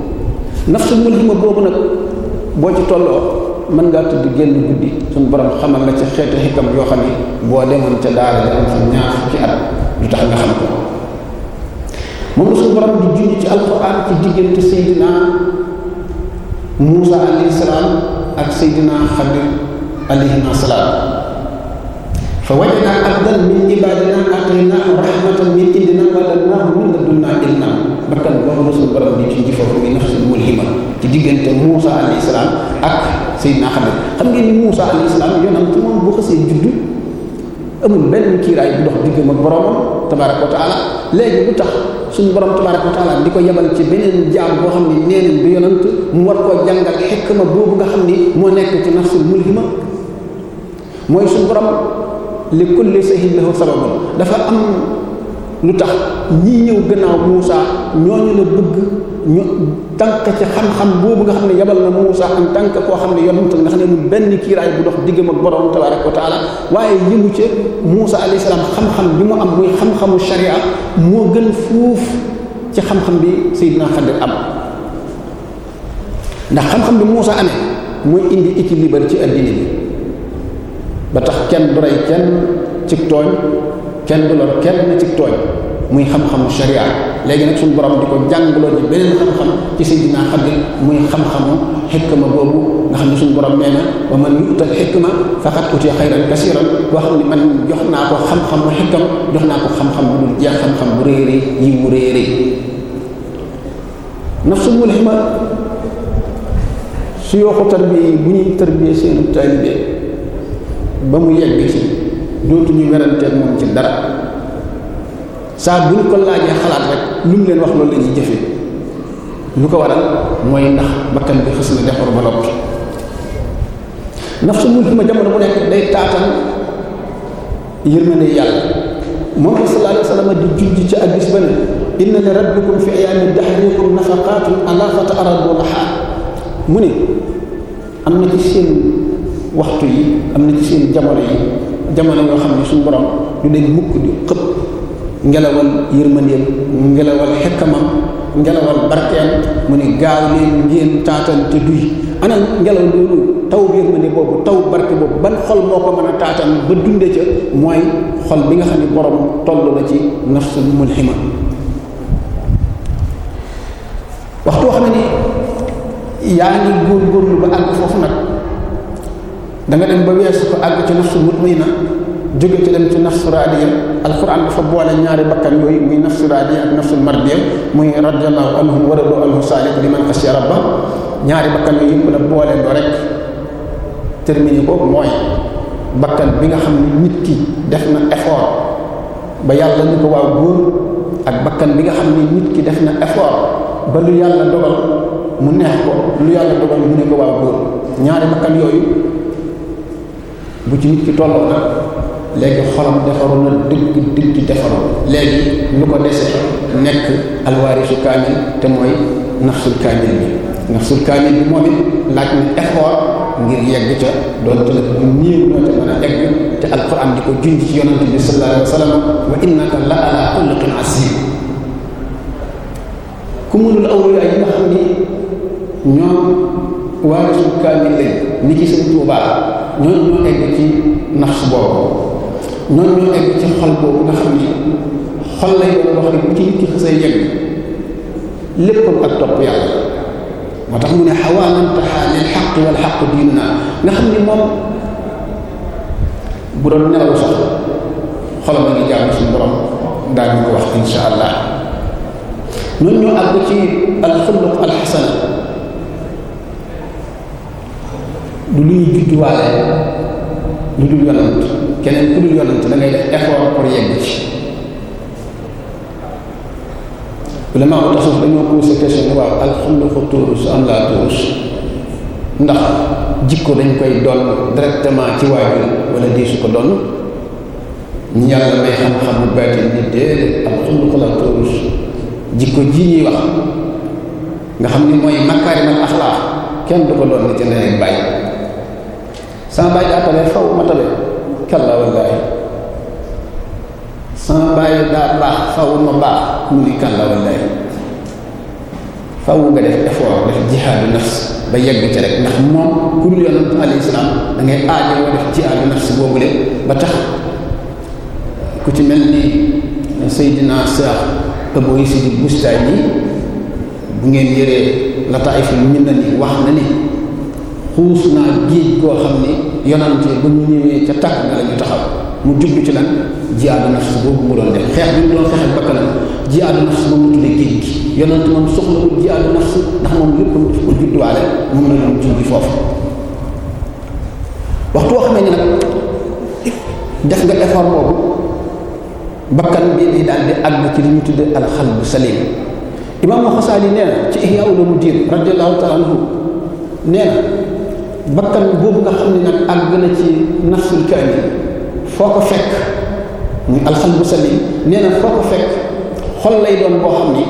boo ci tolloo mën ngaa tudd génn guddi suñu borom xamal la ci xeeti xikam yoo xam ne boo demoon ca daara di am fa ñaar at du tax nga xam ko moom suñu borom di junj ci alquran ci diggante Seydina Muusa alayhi salaam ak Seydina Xadir alayhi salaam fa wajadna abdan min ibadina ataynaahu rahmatan min indina wa bakkan loolu la suñu borom di ci jëfoo bi nafsul mulhima ci diggante Moussa alayhi salaam ak Seydina Xadir xam ngeen ni Moussa alayhi salaam yoonam ci moom bu xasee juddu amul benn kiiraay bu dox diggam ak boromam tabaraka wa taala léegi lu tax suñu borom tabaraka wa taala di ko yebal ci beneen jaam boo xam ne nee nañ du yonant mu war koo jàngal ma boobu nga xam ni moo nekk ci nafsul mulhima mooy suñu borom li kulli shay'in lahu sababun dafa am lu tax ñii ñëw gannaaw Moussa ñooñu la bëgg ñu tànk ci xam-xam boobu nga xam ne yabal na Moussa en tant que koo xam ne yonent nga xam ne lu benn kiiraay bu dox diggam ak borom tabaaraka ko taalaa waaye yëngu ci Moussa alayhi salaam xam-xam bi mu am muy xam-xamu sharia moo gën fuuf ci xam-xam bi Seydina Xadir am ndax xam-xam bi Moussa amee mooy indi équilibre ci addina bi ba tax kenn du kenn ci tooñ kenn du lor kenn ci tooñ muy xam-xamu sharia léegi nag suñu borom di ko jàngaloo ci beneen xam-xam ci Seydina Xadir muy xam-xamu xikma boobu nga xam ne suñu borom nee na wa man yuutal xikma faqat utiya xayran kasiran koo xam ne man jox naa ko xam-xamu xikam jox naa ko xam-xam bu dul jeex xam-xam bu réeré yi mu réeré nafsul mulhima su yooxu tarbiya yi bu ñuy tarbiya seenu taalibe ba mu yegg ci dootuñu te moom ci dara saa buñ ko laajee xalaat rek lu mu leen wax loolu la ñuy jëfee lu ko waral mooy ndax bakkan bi xës na defar ba noppi nafsu ma jamono bu nekk day taatan yërmande yàlla moom sallallahu alayhi sa di junj ci addis ba ne inna li rabbikum fi ayami dahrikum nafaqatun ala fata'radu laha mu ne am na ci seen waxtu yi am na ci seen jamono yi jamono nga xam ne suñu borom du dañ mukk di xëpp ngelawal yërmandeem ngelawal xekkamam ngelawal barkeel mu ne gaaw leen ngeen taatan te duy ana ngelaw loolu taw yërmande boobu taw barke boobu ban xol moo ko mën a taatan ba dunde ca mooy xol bi nga xam ne borom toll la ci nafsul mulhima waxtu wax na ni yaa ngi góorgóorlu ba àgg foofu nag danga dem ba weesu ko àgg ci nafsul mutmina jóge ci dem ci nafsu raadiya alquran dafa boole ñaari bakkan yooyu muy nafsu raadiya ak nafsul mardiya muy radiallahu anhum wa radu anhu saalik li man xasiya rabba ñaari bakkan yooyu boole do rek terminé ko bi nga xam ne nit ki def na effort ba yàlla ko waaw ak bakkan bi nga xam ne nit ki def na ba lu mu neex ko lu yàlla dogal mu ne ko waaw góor ñaari bakkan yooyu bu ci nit ki tolloo nag léegi xolam defaru na dëgg dëgg defaru léegi lu ko dese nekk alwaarisu kaamil te mooy nafsul kaamil bi nafsul kaamil bi laaj na effort ngir yegg ca doon te la ñu néew ñoo ca mën a egg te alquran di ko junj ci yonante bi sallallahu alayhi wa sallam wa innaka la ala xuluqin azim ku mënul awliya yi nga xam ni ñoom waarisu kaamil lañ ni ki sëñ Tuubaa ñooñu ñoo egg ci nafs boobu ñooñu ñoo egg ci xol boobu nga xam ni xol lay wax ne bu ci nit ki xësay léppam ak topp yàlla moo tax mu ne xawaanantaxaa lil xaq wal xaq diin naa nga xam ni moom bu doon nelaw sax xolam a ngi jàmm suñu borom daañu ko wax insha allah ñooñu ñoo àgg ci alxuluq alxasana du lu ñu judduwaale lu dul yonant keneen ku dul yonant da def effort pour yegg ci ulama u tasawuf dañoo posé question am laa tuurus ndax jikko dañ koy doon directement ci waajur wala di ko doon ñu yàlla may xam-xam bu bàyyi ni déedéet alxuluqu laa tuurus jikko ji ñuy wax nga xam ni mooy makaarimal axlaax kenn du ko doon ni ci ndey bàyyi sama baay jàppale faw ma tabe kalla wallaahi sama baay daa baax faw baax mu ni kalla wallaahi faw nga def effort def jihaadu nafs ba yegg ci rek ndax moom ku dul yonent alayhi salaam da ngay aajo def jihaadu nafs boobu de ba tax ku ci mel ni Seydina Cheikh Abou Yazid Bustami bu ngeen yëree Lataiful Minani wax na ni xuus naa géej koo xam ne yonante ba mu ñëwee ca tàkk la ñu taxaw mu jublu ci lan jihaadu nafs boobu mu doon def xeex bi mu doon xeex ak bakkanam jihaadu mu tuddee géej ndax moom lépp mu ko judduwaale moom la doon jubbi foofu wax nañu nag def nga effort boobu bakkan bii di daal di àgg ci li ñu tudde alxalbu salim imaamu Xasaali nee na ci Ihya Ulumuddin radiyallahu taala anhu nee na bakkan boobu nga xam ne nag àgg na ci nafsul kaani foo ko fekk muy alxalbu salim nee na foo ko fekk xol lay doon boo xam ne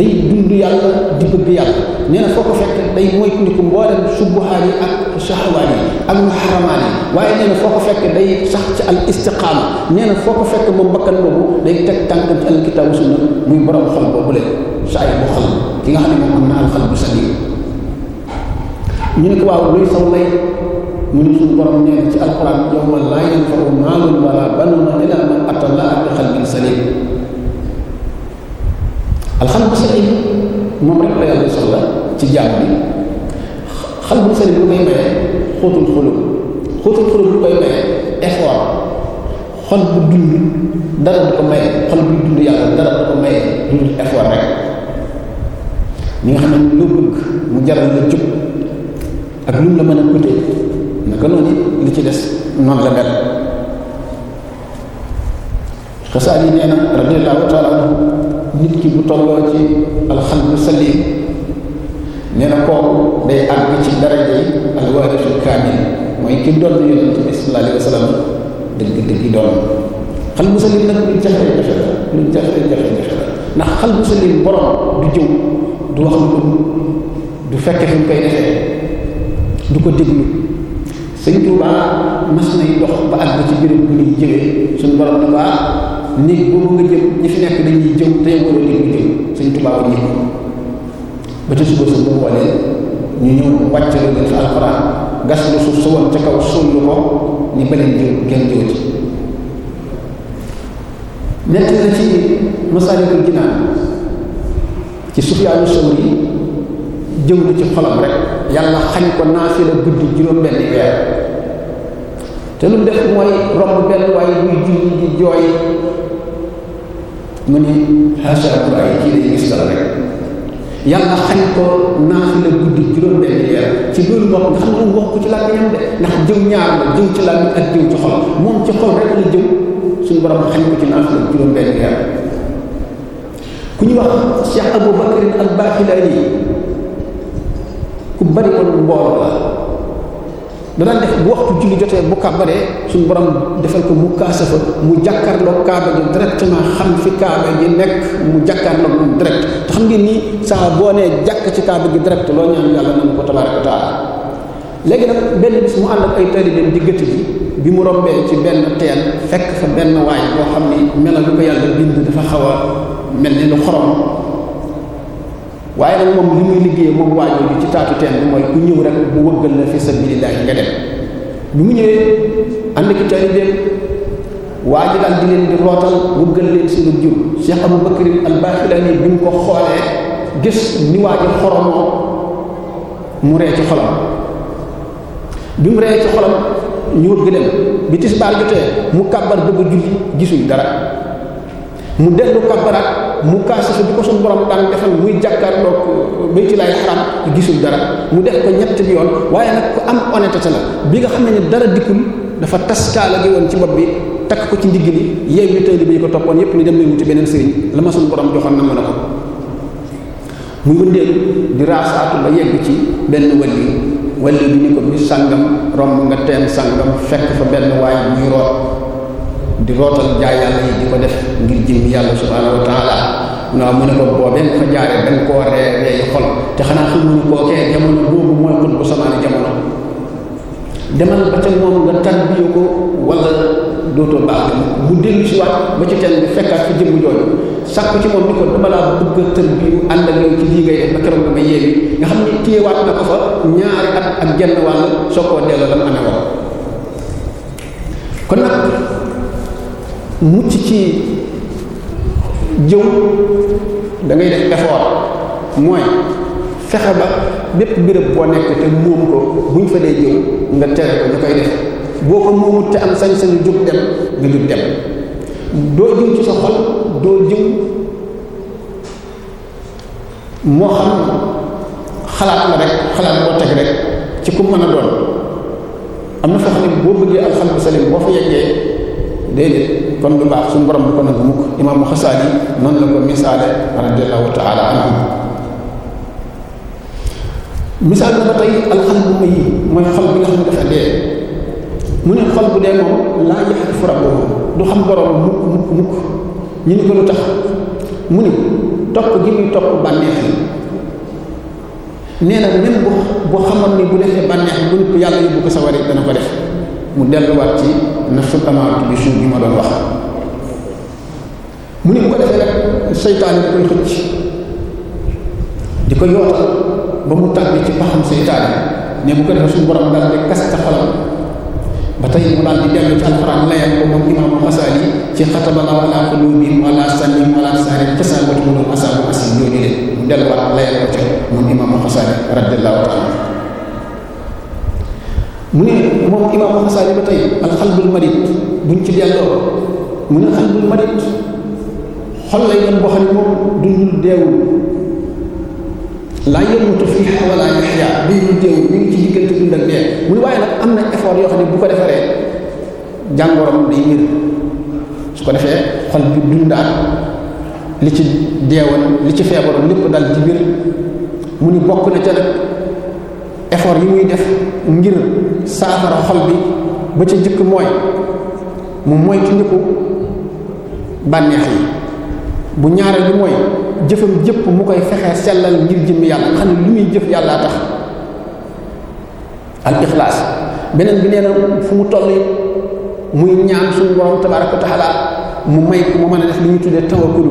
day dund yàlla di bëgg yàlla nee na foo ko fekk day moytandiku mboolem subuhaat yi ak sahawaat yi ak mu xaramaat yi waaye nee na foo ko fekk day sax ci al istiqaama nee na foo ko fekk moom bakkan boobu day teg tànkam ci alkitaabu sunna muy borom xol boobu leen saa yi bu xol ki nga xam ne moom na alxalbu salim ñu ne ko waaw luy saw may mu ne suñu borom nee ci alquran yawma laa yanfa'u maalun wala banuuna illaa man ataa Allaaha bi qalbin saliim alxalbu saliim moom rek la yàlla soxla ci jaam bi xalbu lu koy maye xóotul lu koy maye bu ko maye xol bu dund yàlla dara du ko maye dund effort rek ñi nga xam ne lu bëgg mu jaral la jub. ak lu mu la mën a coûter naka noonu li ci des noonu la mel xasaal yi nee na radiallahu taala anhu nit ki bu tolloo ci alxalbu salim nee na kooku day àgg ci daraja yi alwaarisul kaamil mooy ki doon yonent bi sallallahu alayhi wa sallam dëgg dëgg doon xalbu salim nag luñ jaxee jaxe la luñ jaxee ndax xalbu salim borom du jëw du wax lu du fekke fi mu koy defee du ko déglu sëñ Tuubaa mas nay dox ba àgg ci béréb bu ñuy jëwee suñu borom ne waa ah, néeg boobu nga jëm ñi fi nekk dañuy jëw te yow waroo déglu jëw sëñ Tuubaa ko ñëw ba ci suba suba woolee ñu ñëw wàcc la leen fa alxuraan gas lu suuf su woon ca kaw suul ko ni beneen jëw kenn jëw nekk na ci Masaalikul Jinaan ci Sufyaanu yi jëmlu ci xolam rek yàlla xañ ko naafila guddi juróom-benn weer te lu def mooy romb benn waaye buy julli di jooy mu ni xasarulaay kii day gis dara rek yàlla xañ ko naafila guddi juróom-benn weer ci loolu wax nga xam ne wax ko ci làmmiñam de ndax jëw ñaar la jëw ci làmmiñ ak jëw ci xol moom ci xol rek la jëw suñu borom xañ ko ci naafila juróom-benn weer ku ñu wax Cheikh Abou Bakr al-Bakhilani ku bari ko mbooloo la da def bu waxtu julli jotee bu kàbbaree suñu borom defal ko mu kaasa fa mu jàkkaarloog kaaba ji directement xam fi kaaba ji nekk mu jàkkaarloog moom direct te xam ngeen ni saa boo nee jàkk ci kaaba gi direct loo ñaan yàlla na nañu ko tabaaraka wa taala léegi nag benn bis mu ànd ak ay taalibeem di gëtt bi bi mu rombee ci benn teen fekk fa benn waay boo xam ni melal lu ko yàlla bind dafa xaw a mel ni lu xorom waaye nag moom li muy liggéey moom waajur bi ci taatu teen bi mooy ku ñëw rek bu wëggal la fi sabilillahi nga dem bi mu ñëwee ànd ki taalibeem waa ji daal di leen di rootal wëggal leen seenu jur Cheikh Abou Bakr al-Bakhilani bi mu ko xoolee gis ni waa ji mu ree ci xolam bi mu ree ci xolam ñu wëgg dem bi tisbaar jotee mu kàbbar bëgg julli gisuñ dara mu dellu kàbbaraat mu kaasisa bi ko suñu borom daan defal muy jàkkaarloog baytulaay xaram gisul dara mu def ko ñett bi yoon waaye nag ku am honnêteté la bi nga xam ne dara dikkul dafa tas kaala gi woon ci bopp bi takk ko ci ndigg li yeew yi taalibe yi ko toppoon yépp ni dem nañu ci beneen sëriñ la ma suñu borom joxoon na mën a ko mu wëndeelu di raasaatu ba yegg ci benn wëlli wëlli bi ni ko bi sàngam romb nga teen sàngam fekk fa benn waay muy root di rootal jaay yàlla yi di ko def ngir jëm yàlla subhaanahu wa taala mu ne ko boobee nga fa jaaree da nga koo ree reeyu xol te xanaa xamuñu koo kee jamono boobu mooy xut bu samaani jamono demal ba ca moom nga tarbiyu ko wala dootoo baax bu dellu si waat ba ci teen bu fekkaat fi jëmm jooju sàkku ci moom ni ko dama laa bëgg a tarbiyu ànd ak yow ci lii ngay def ba keroog nga yeewi nga xam ne téyewaat na ko fa ñaari at ak genn wàll soo koo delloo mucc ci jëw da ngay def effort mooy fexe ba bépp béréb boo nekk te moom ko buñ fa dee jëw nga tere ko ñu def boo ko moomut te am sañ-sañu jóg dem nga jóg dem doo jëw ci sa xol doo jëw moo xam xalaat la rek xalaat boo teg rek ci ku mën a doon am na foo xam ne boo bëggee alxamdu salim boo fa yeggee déedéet kon lu baax suñu borom du ko nangu mukk imaamu xasaali noonu la ko misaale radiallahu taala anhu misaal na ba tey alxal bu may mooy xol bi nga xam ne dee mu ne bu dee xam borom mukk mukk mukk ñu ni ko lu tax mu ni topp gi muy topp bànneex nee na même bu bu ni bu defee bànneex bu nit ko yàlla yóbbu ko sa wari dana ko def mu delluwaat ci nafsul amaara bi suñ bi ma doon wax mu ne bu ko defee rek seytaane di koy xëcc di ko yootal ba mu tàbbi ci baxam seytaane ne mu ko defee suñu borom daal di kaste xolam ba tey mu daal di dellu ci alxuraan layal ko moom imaamu Xasaali ci xatabalaaw alaa quluubihim wala sam'ihim wala absaarihim xisaawatun wa mu delluwaat ko ca moom imaamu Xasaali radiyallaahu taala mu ne moom imaam Xasaali ba tey alxalbul marit buñ ci delloo mu ne xalbul marit xol lay doon boo xam ne moom dundul deewul laa yamuutu fiihaa wa laa yaxyaa dundul deewul ñu ngi ci diggante dund dee mu ne waaye na effort yoo xam ne bu ko defaree jàngoroom day ko defee xol bi dundaat li li ci feebaroon lépp dal di wér bokk na ca effort yi muy def ngir saafara xol bi ba ca jëkk mooy mu mooy ci ndiku bànneex yi bu ñaaree bi mooy jëfam jëpp mu koy fexee sellal ngir jëmm yàlla xam ne lu muy jëf yàllaa tax al ixlaas beneen bi nee fu mu toll muy ñaan suñu borom tabaaraka wa taala mu may mu mën a def li ñu tuddee tawakkul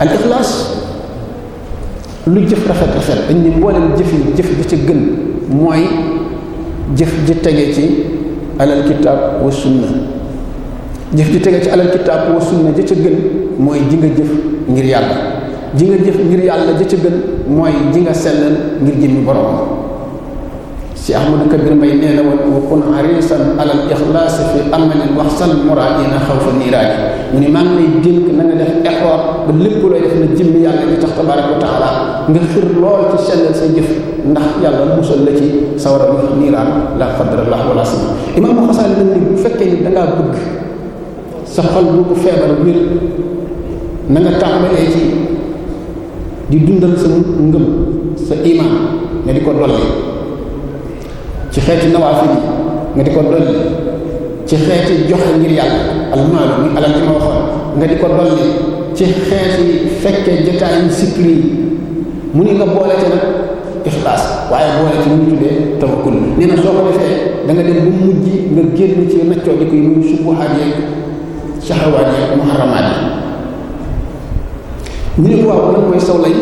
al ixlaas lu jëf rafet rafet dañ ni mboolem jëf yi jëf ji ci gën mooy jëf ji tege ci alal kitaab wa sunna jëf ji tege ci alal kitaab wa sunna ji ca gën mooy ji nga jëf ngir yàlla ji nga jëf ngir yàlla ji ca gën mooy ji nga sellal ngir jëmmi boromam si ahmadou kabir mbay nee na woon wa kun harisan alal ixlaas fi amalin wax sal muraadina xaw fa yi mu ne maa ngi lay dénk na nga def effort ba lépp looy na jëmm sa ndax yàlla la ci sawara la qadara lah wala sama imaamu xasaali bu fekkee ni dangaa bëgg sa xol boobu feebar wér na nga di dundal sa ngëm sa imaan nga di ko dolli ci xeeti nawaafil yi nga di ko dolli ci xeeti joxe ngir yàlla almaalo muy alal ci ma waxoon nga di ko dolli ci xeeti fekkee jotaayu sikkir yi mu ni nga boole te nag ixlaas waaye boole ci ñu tuddee tawakkul nee na soo ko defee da nga dem bu mujj nga génn ci naccoo di ko yi muy subuhaat yeeg saxawaat yeeg muharamaat yi ñu ne waaw lan mooy saw lay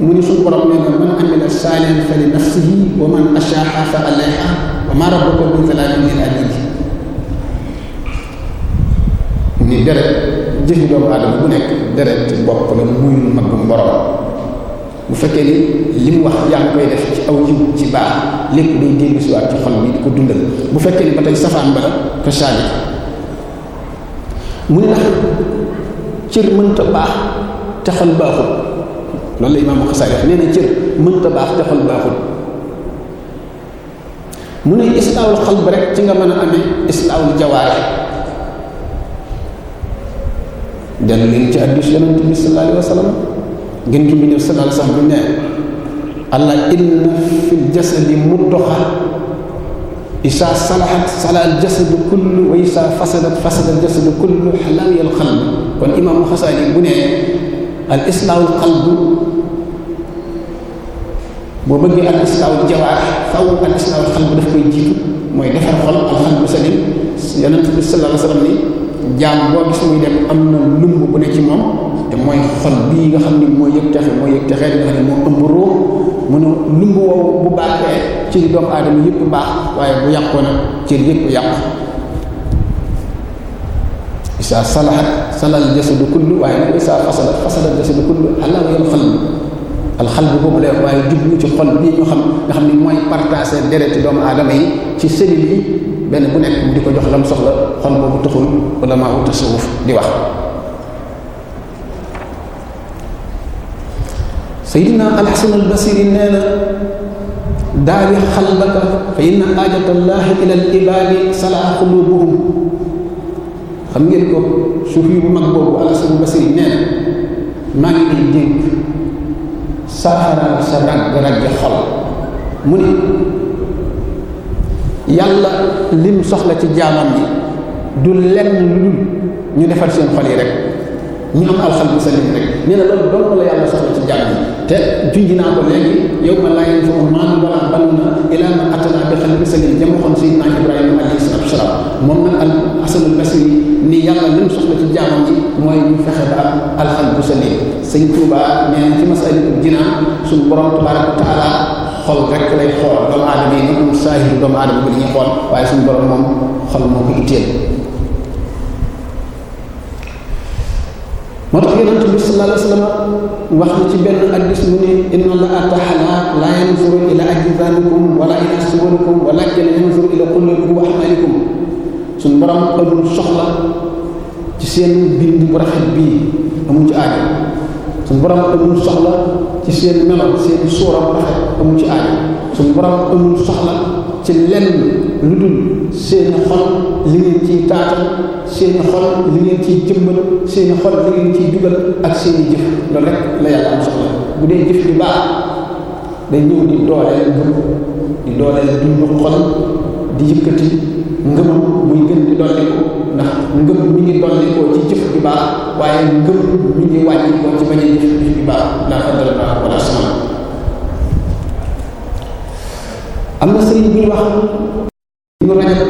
mu ni suñu borom nee na man amila saalihan fa li nafsihi wa man ashaaha fa alayha wa ma rabbuka bi zalaamin lil abid ni deret jëfi doomu aadama bu nekk deret bopp la muy mag borom bu fekkee ni li mu wax yaa ngi koy def ci aw jiw ci baax lépp day dellusiwaat ci xol bi di ko dundal bu fekkee ni ba tey safaan ba la ko saalik mënta baax te xol baaxul loolu la imaamu xasaay wax nee na cër mënta baax te xol baaxul mu ne islaawul xalb rek ci nga mën a amee islaawul jawaare dellu leen ci addis yonent bi sallallahu alayhi wa sallam gën ci mbindéef sallallahu alayhi wa sallam bi salahat salaha kullu wa isa fasadat fasada al kullu xalaal yal xalb kon imaamu xasaay bu ne al islaahul qalb boo bëggee al islaahul jawaar faw al islaahul qalb daf koy jiitu mooy defar xol alxalbu salim yonent bi sallallahu alayhi wa sallam ni jaam boo gis muy dem am na lumb bu ne ci moom te mooy xol bii nga xam ni mooy yëg taxe mooy yëg texe nga xam ne moo ëmb ruux mu ne lumb woowu bu baaxee cëri doomu aadama yëpp baax waaye bu yàqoo nag cëri yëpp yàqu isaa salahat salal jasadu kullu waaye nag isaa fasadat fasadat jasadu kullu ala wayal xal alxal boobu lay wax waaye jublu ci xol bii ñu xam nga xam ni mooy partagé deret doomu aadama yi ci cellule yi benn bu nekk di ko jox lam soxla xol boobu taxul ulama wu tasawuf di wax sayidina alxasan albasiri nee na daawi xalbaka fa inna aajatallaahi ila al ibaadi salaa qulubuhum xam ngeen ko suufi bu mag boobu Alxasan Basri nee na maa ngi lay dénk saafaral sa ragg-raggi xol mu ni yàlla lim soxla ci jaamam bi du lenn lu ñu defar seen xol yi rek ñi am alxalbu salim rek nee na loolu doon la léegi yow ma laa yanfa'u maalun walaa banuuna illaa man ataa bi qalbin ni yàlla li mu soxla mooy ñu fexe ba sëñ Touba nee na ci masaliku jinaa suñu borom tabaaraka wa taala xol rek lay xool doomu aadama yi nag moom saahiru doomu aadama bi dañuy xool waaye suñu borom moom xol moo ko itteel moo tax yonent bi sallallahu alayhi wa sallam wax na ci benn hadiis mu ne inna allaha ta'ala la yanzuru ila ajsamikum wala ila suwarikum walakin yanzuru ila qulubikum wa a'malikum suñu borom amul soxla ci seen bind bu rafet bii amu ci aajo suñu borom amul soxla ci seen melo seen suura bu rafet amu ci aajo suñu borom amul soxla ci lenn lu dul seeni xol li ngeen ciy taatal seeni xol li ngeen ciy jëmbal seeni xol li ngeen ciy dugal ak seeni jëf loolu rek la yàlla am soxla bu dee jëf ju baax day ñëw di dooleel ngëm di dooleel dundu xol di yëkkati ngëm muy gën di dolliku ndax ngëm mi ngi dollikoo ci jëf ju baax waaye ngëm mi ngi wàññi ko ci bañ a jëf ju baax laa xadara baax wala sama am na sëriñ bu ñu wax ibnu rajab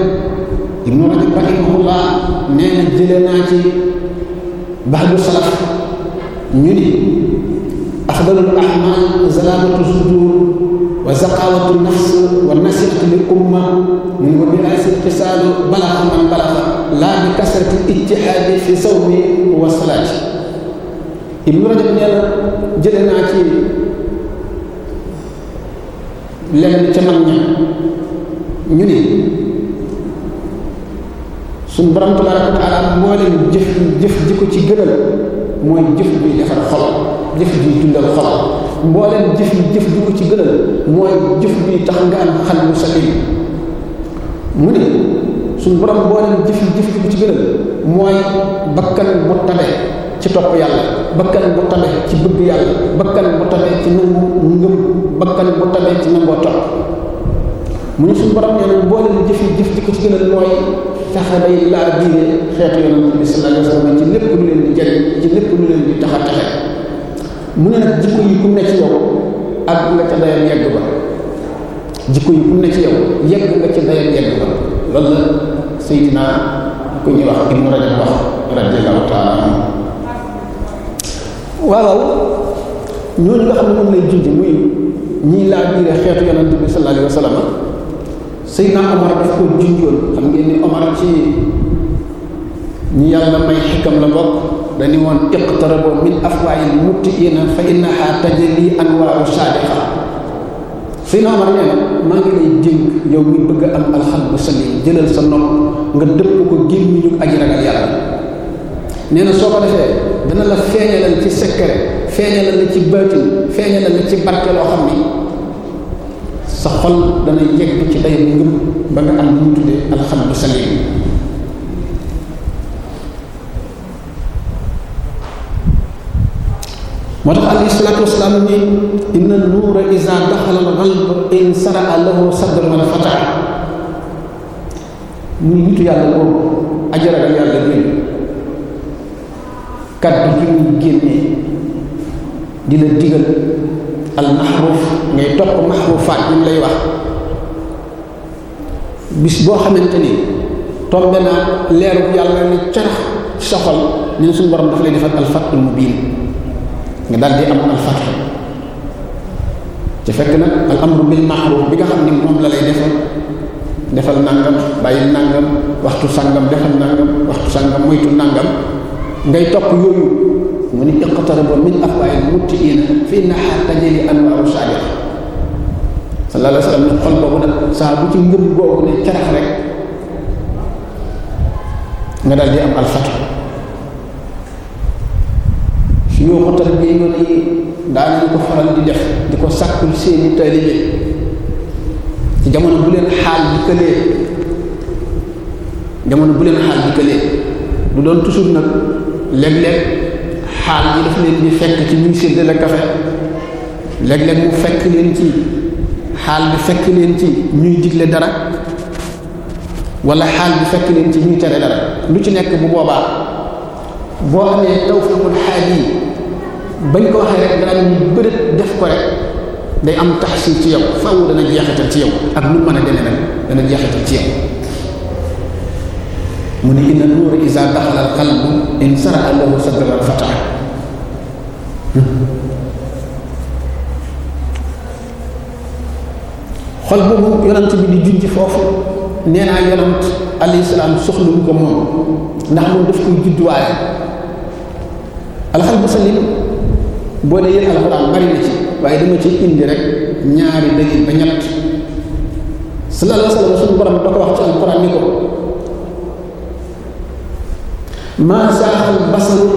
ibnu rajab rahimahullah nee na jële naa ci baxdu salaf ñu ni afdalul ahmal zalaamatu sudur wa zaqawatu nafs wa nasihatu lil umma mu ni wa bilaasi tisaalu balaxa man balaxa laa bi kasrati ijtihaadi fi sawmi wa salaati ibnu rajab nee na jële naa ci leneen ca mag ña ñu ne suñ borom tabaraka wa taala moo leen jëf jëf ji ko ci gënal mooy jëf buy defar xol jëf ji dundal xol moo leen jëf jëf ji ko ci gënal mooy jëf buy tax nga am xal mu salim mu ne suñ borom boo leen jëf jëf ji ko ci gënal mooy bakkan bu tabee ci topp yàlla bakkan bu tane ci bëgg yàlla bakkan bu tane ci nangu ngëm bakkan bu tane ci nangoo topp mu ñu suñu borom nee na boo leen jëfi jëf di ko ci gën a mooy fexe day laa diine xeetu yonent bi sallallahu alayhi wasallam ci lépp lu leen jariñ ci lépp lu leen di taxa taxe mu ne nag jikko yi ku ne ci yow ak nga ca dayam yegg ba jikko yi ku ci yow yegg nga ca dayam yegg ba loolu la Seydina ku ñuy wax Ibnu Rajab wax radiyallahu ta'ala waawaaw ñooñu nga xam ne moom junj muy ñiy laa biire xeetu yonent bi sallallahu alayhi Omar daf ko junjoon xam ngeen ni Omar ci ñi yàlla may xikam la bokk dañu woon iqtarabo min afwaayil muttiina fa innaha tajali anwaaru saadiqa Seydina Omar nee maa ngi lay dénk yow mi bëgg a am alxalbu salim jëlal sa nopp nga dëpp ko gémmiñu aji ragal yàlla nee na soo ko defee dana la feeñalal ci secret feeñalal la ci baatin feeñalal la ci barke loo xam ni sa xol dana yegg ci day ba nga am lu mu tuddee alxamdu salim moo tax alayhi isa daxala al qalb in saraa fataa muy nitu yàlla boobu ajaragal yàlla bi kaddu yu muy génnee di la digal al ngay topp maxruufaat yi mu lay wax bis boo xamante ni tombe naa leeru yàlla ni carax sa xol ñu suñu borom daf lay defal alfatul mubiin nga daal di am alfat ci fekk nag al amru bil bi nga xam ni moom la lay defal defal nangam bàyyi nangam waxtu sàngam defal nangam waxtu sàngam moytu nangam ngay topp yooyu mu ni iqtaraba min afwaahil mutti'iina fi nahaar tajri anwaaru saaliha sallallahu alayhi wa sallam xol boobu nag saa bu ci ngëm ne carax rek nga dal di am alfatu suñoo ko tal bi yoon yi daan di ko faral di def di ko sàkkul seeni taalibe ci bu leen xaal bi këlee jamono bu leen xaal bi këlee du doon toujours nag léeg-léeg xaal yi daf leen di fekk ci ñuy séddale kafe léeg-léeg mu fekk leen ci xaal bi fekk leen ci ñuy digle dara wala xaal bi fekk leen ci ñuy tere dara lu ci nekk bu boobaa boo amee tawfiqul xaal yi bañ ko waxee rek danañ ñu bërët def ko rek day am taxsiir ci yow faaw dana jeexital ci yow ak lu mën a demee nag dana jeexital ci yow mu ne inna nuura isa daxala al qalbu in sara lahu sadral xol boobu yonant bi di junj foofu nee naa yonant alayhi salaam soxlawu ko moom ndax moom daf koy judduwaale alxal bu salim boo dee yéen alxuraan bari na ci waaye dama ci indi rek ñaari dëgg ba ñett sallallahu alayhi wa sallam suñu ko wax ci alxuraan ni ko maa saaxal basaru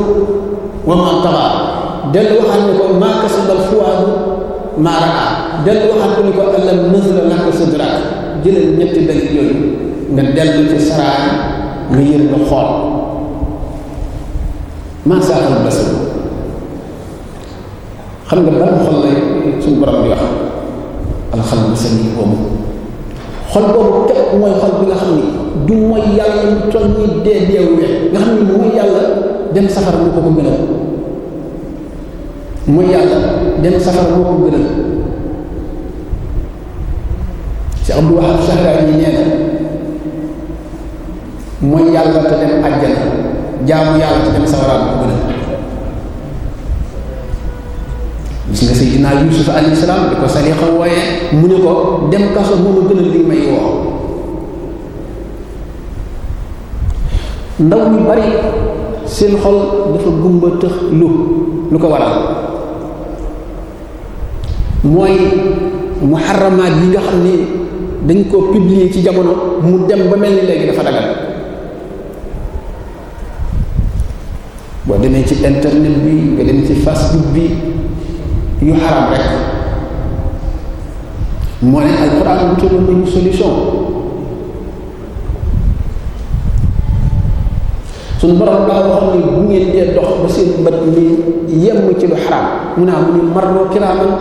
wa maa tabaa dellu waxal ne ko maa kasabal fuwaadu maa raa dellu waxal ko ne ko alam nasla laka sadrak jëlal nga dellu ci saraan nga xool maa saaxal basaru xam nga ban xol lay suñu borom di wax alxal bu sani boobu xol boobu képp mooy xol bi nga xam ni du mooy yàlla dem safara moo ko ko gënal mooy yàlla dem safara moo ko gënal ci Abdou Wahab Shahraani yi nee na mooy safara moo ko gënal gis nga Seydina Yuusuf alayhi salaam di ko sarixa wooyee mu ne ko dem kaso moo ma gënal li may woo ndaw ñu bari seen xol dafa gumba tëx lu lu ko waral mooy muharramaat yi nga xam ni dañ koo publier ci jamono mu dem ba mel ni léegi dafa dagal boo demee ci internet bi nga dem ci facebook bi yu xaram rek moo ne alxuraan wutal nañu solution suñu borom daa waxoon ni bu ngeen dox ba seen bët mi yemm ci lu xaraam mu ne mu ni marloo kiraaman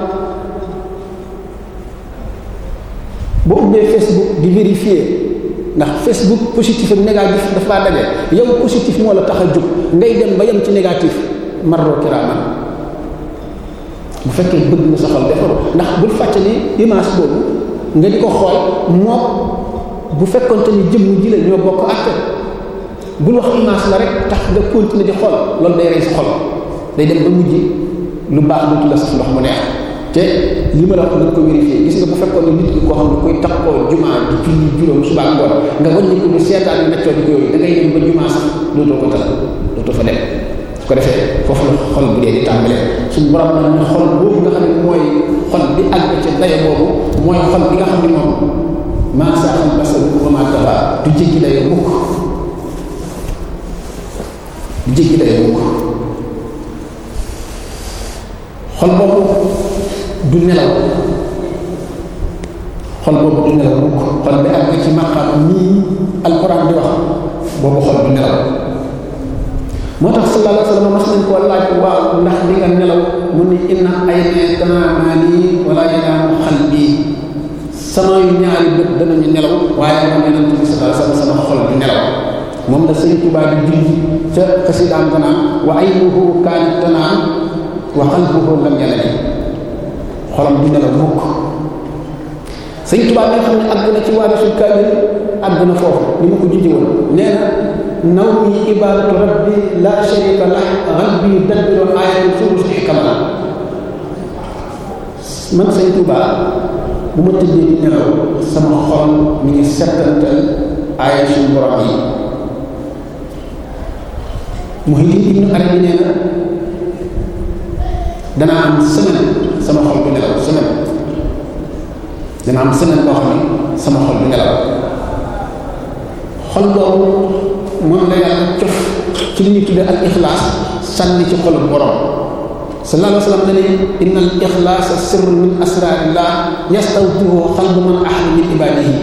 boo ubbee Facebook di vérifier ndax Facebook positif ak négatif daf laa daje positif moo la tax a jóg ngay dem ba yem ci négatif marloo kiraaman bu fekkee bëgg nga sa xol defaru ndax bul fàcce ni image boobu nga di ko xool moo bu fekkonte ni jëmm ji ñoo bokk àtte bul wax image la rek tax nga continuer di xool loolu day rey xol day dem ba mujj lu baax dootu la sax ndox mu neex te li ma la wax nañ ko vérifier gis nga bu fekkoon ne nit ki koo ne koy taxoo jumaa di julli juróom nga wàññi ko di seetaan yi neccoo di ko yooyu ba jumaa sax dootoo ko talal fa dem ko defee foofu la xol bu dee di tàmbalee suñu borom na ne nga xam ne mooy xol bi àgg ca boobu mooy xol xam ne moom maa saa xam basaru wa maa tafa du jéggi mukk jéggi day mukk xol boobu du nelaw xol xol bi ak ci maqaam nii alquran di wax boobu xol du nelaw moo tax sallallahu alayhi wa nañ koo laaj waaw ndax di nga nelaw mu ni inna aynaya tanaamaani wala yanaamu qalbi samay ñaari bët danañu nelaw waaye moom yonent bi sallallahu alayhi wa sama xol nelaw moom la sëriñ Tuubaa di junj ca xasidaam ga naan wa aynuhu kaanat tanaan wa qalbuhu lam yanam xolam du nelaw mukk sëriñ Tuubaa na ci waarisul kaamil àgg na foofu ni ma ko junj woon nee na naw mi ibaadatu rabbi la man sëriñ bu ma tëddee di nelaw sama xol mi settantal aaya suñu borom Muhyiddin Ibnu Arabi nee na dana am semaine sama xol bu nelaw semaine dana am semaine boo xam sama xol bu nelaw xol boobu moom la yàlla cof ci li al ixlaas sànni ci xolum borom sallallahu alayhi wa sallam dane inna al ixlaasa sirru min asrarillah yastawtihu qalbu man ahada min ibadihi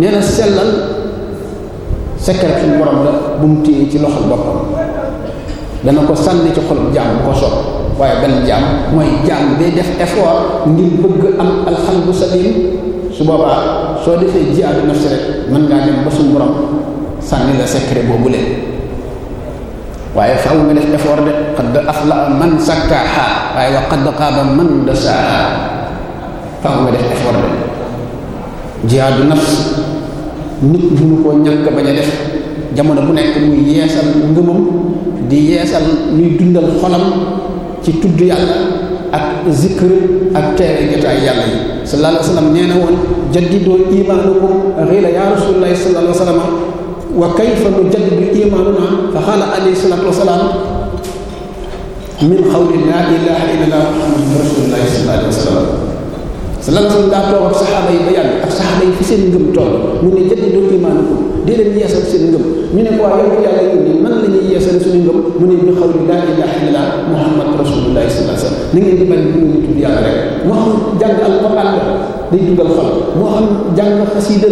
nee na sellal secret suñu borom la bu mu téye ci loxo boppam dana ko sànni ci xolub jaam ko soob waaye benn jaam mooy jaam day def effort ngir bëgg am alxalbu salim su boobaa soo defee jihaadu nafsi rek mën ngaa dem ba suñu borom sànni la secret boobu leen waaye faaw nga def effort de qad aflaha man zakkaaha waaye wa qad xaaba man dasaaha faaw nga def effort de jihaadu nafsi nit mënu koo ñàkk bañ a def jamono bu nekk muy yeesal ngëmam di yeesal luy dundal xolam ci tudd yàlla ak zikr ak teere jotaay yàlla yi sallallahu nee na woon jaddidoo imaanakum xiila yaa rasulullahi sallallahu alayhi wa sallam wa kayfa nujaddidu imaanuna fa xaala alayhi salatu wasalaam min xawli laa ilaha illallah muhammadun rasulullahi sallallahu alayhi wa sallam sallallahu alayhi wa sallam daa toog ak saxaaba yi ba yàgg ak saxaaba yi fi seen ngëm toll mu ne jënd dootu imaanukum dee leen yeesal seen ngëm ñu ne ko waaye yow yàlla yow nii man la ñuy yeesal suñu ngëm mu ne ñu xaw laa ilaaha illallaah muhammad rasulullaahi sallallahu alayhi na ngeen di xam jàng day dugal xol moo xam jàng xasiida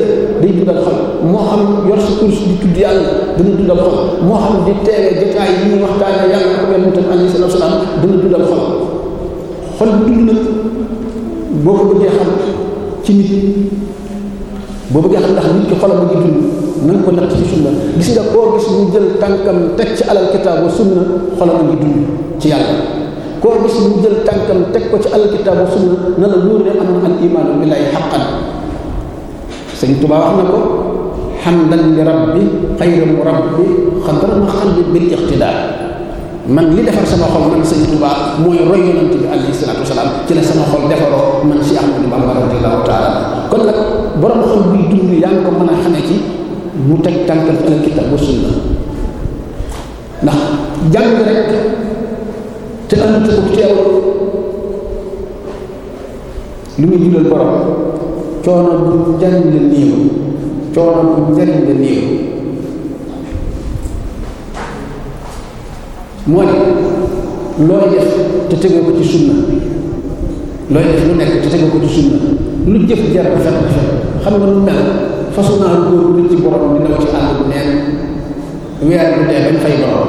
sa kurs di tudd yàlla dana dugal xol moo xam di teere jotaay yi ñuy waxtaane yàlla ko benn tam alayhi salaatu wa salaam dana dugal xol xol bu dund boo ko bëggee xam ci nit boo bëggee xam ndax nit ki xolam mu ngi dund na nga ko natt ci sunna gis nga koo mu jël tànkam teg ci alal kitaab wa ci yàlla koo gis mu jël tànkam teg ko ci alal kitaab wa sunna na la wóor ne am na al imaanu billahi xaqan sëñ Tuubaa wax na ko xamdan li rabbi xayra mu rabbi xadra ma xalbi bil ixtidaar man li defar sama xol man sëñ Touba mooy roy yonent bi alayhi salaatu wasalaam ci la sama xol defaroo man Cheikh Ahmadou Bamba radiyallahu taala kon nag borom yaa ngi ko mën a xamee ci mu teg tànkal ci alkitab wa sunna ndax jàng rek te amatu ko teew li muy jural borom coono bu njariñ la néew coono bu njariñ la néew moo di looy def te tegoo ko ci sunna looy def lu nekk te tegoo ko ci sunna lu jëf jar rafet rafet xam nga lu mel façon naa lu góor lu ci borom di naw ci àll bu neen weer bu dee bañ fay borom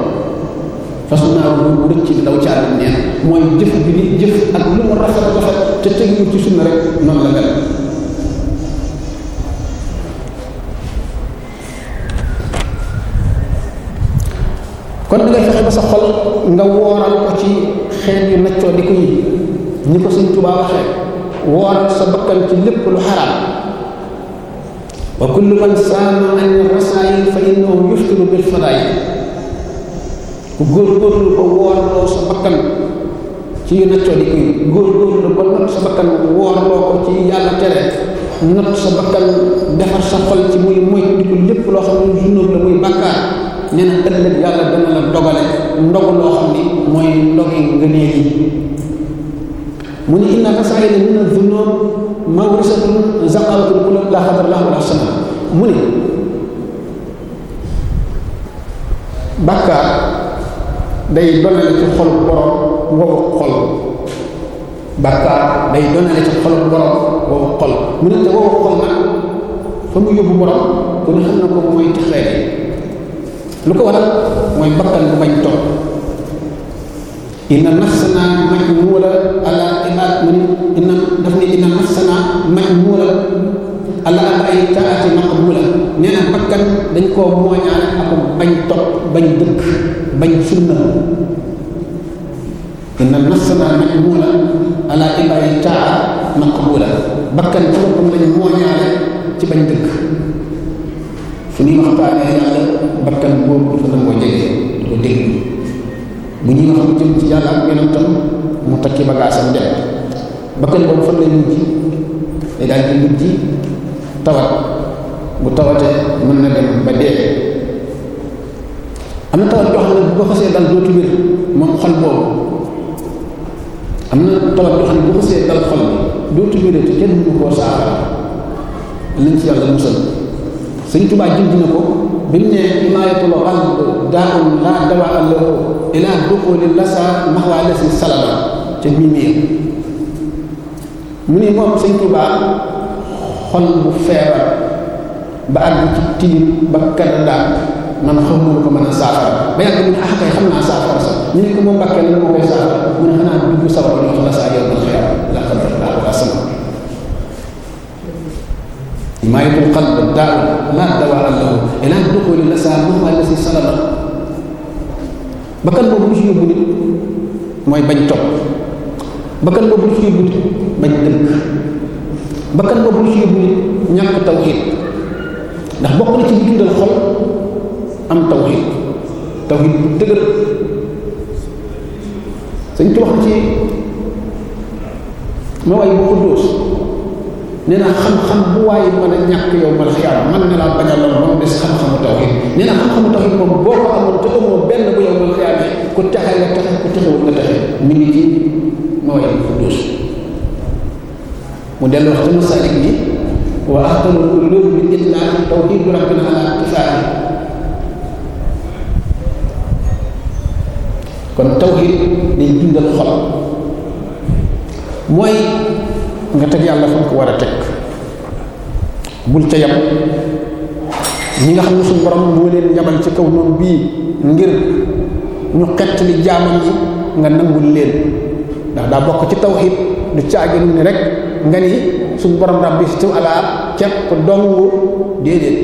façon lu góor bu rëcc di daw ci àll bu neen mooy jëf bi ni jëf ak lu mu rafet rafet te tegoo ci sunna rek noonu la mel nga wooral ko ci xeet yu naccoo di ko yi ñi ko suñ Tuubaa waxee wooral sa bakkan ci lépp lu xaraam wa kullu man saama an rasaayil fa innahu yuftiru bil fadaayil ku góorgóorlu ko woorloo sa bakkan ci yu sa bakkan woorloo ko ci yàlla tere not sa bakkan defar sa xol ci muy moytu lépp loo xam ne junóob la muy bàkkaar nee ëllëg yàlla dana la dogale ndogu loo xam ni mooy ndogi ngëneel yi mu ne inna kasaayina min adunnoon mawrisatun zaqalatul kulub la xadar la wala sana mu ne bàkkaar day donale ci xol borom wowu xol bàkkaar day donale ci xol borom wowu xol mu ne te wowu xol nag fa mu yóbbu borom ku ne xam na ko mooy texee lu ko waral mooy bakkan bu bañ topp inna nafsana majmuura ala ilaat mu ni inna maqbuula nee na bakkan dañ koo mooñaale ak bañ topp bañ dëkk bañ sunna inna nafsana majmuura ala ay taati maqbuula bakkan ci boppam lañ bañ dëkk fu ñuy waxtaanee yàlla bakkan boobu du ko nangoo jege ko dégg bu ñuy wax mu jëm ci yàlla ak yonentam mu takki bagaasam dem bakkan boobu fan lay mujj day daal di mujj tawat bu tawatee mën na dem ba dee am na tawat joo xam bu ko xasee dal dootu xol na tawat joo xam ne bu ko xasee dal kenn mënu koo saafara lañ ci yàlla musal sëñ Tuubaa junj na ko bi mu ne imaayatul qalb daa'un laa dawaa lahu ilaa duxuuli lasaa maxwaa lasi salaba ca mimir mu ni moom sëñ Tuubaa xol bu feebar ba àgg ci tilim ba kaddu man xaw ma ko mën a saafara ba yàgg mu ne ah kay xam naa saafara sax ñu ne ko moom Mbàkke la moo koy saafara ne xanaa dugg sabar jox la saa yow ba xeer la يميت القلب الدعوة مادة وعلمه إلى أن تدخل النساء المهمة التي سلمت bakkan boobu lu ci yóbbu nit mooy bañ topp bakkan boobu lu ci yóbbu nit bañ dëkk bakkan boobu lu ci yóbbu nit ñàkk tawxiid ndax bokk na ci bu dundal xol am tawxiid tawxiid bu dëgër sëñ ci wax ci moo ay bu xuddoos nee na xam-xam bu waaye mën a ñàkk yow mal xiyaam man ne laa bañ a lool ba mu des xam-xamu tawhid nee na xam-xamu tawhid moom boo ko ci mawahibul quddus mu dellu wax ci masaalik bi wa axtanul ulum bi itlaq tawhidu rabbina ala ittifaaqi kon tawhid day dundal xol mooy nga teg yàlla fa ko war a teg bul ca yam ñi nga xam ne suñu borom moo leen yabal ci kaw noonu bii ngir ñu xett li jaamam yi nga nangul leen ndax daa bokk ci tawxid du caagin ni rek nga ni suñu borom rabbi si ala ceeb ko dongu déedéet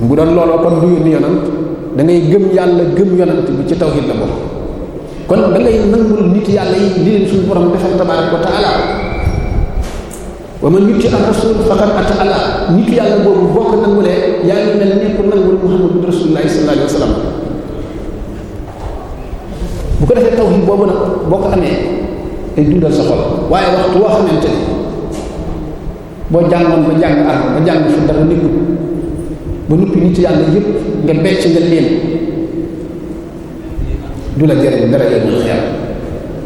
bu doon looloo kon du yónni yonant da ngay yàlla gëm yonant bi ci tawxid la bokk kon da nangul nit yàlla yi leen suñu borom defal tabarak wa taala wa man yuti ar rasul faqad ata Allah nit yàlla boobu boo ko nangulee yaa ngi mel ni ku nangul muhammadun rasulullahi sallallahu alayhi wa sallam bu ko defee tawhid boobu nag boo ko amee day dundal waaye waxtu woo xamante ba jàng ar ba jàng fi dara nekkul yépp nga becc nga leen du la jëriñ dara yemul xiyam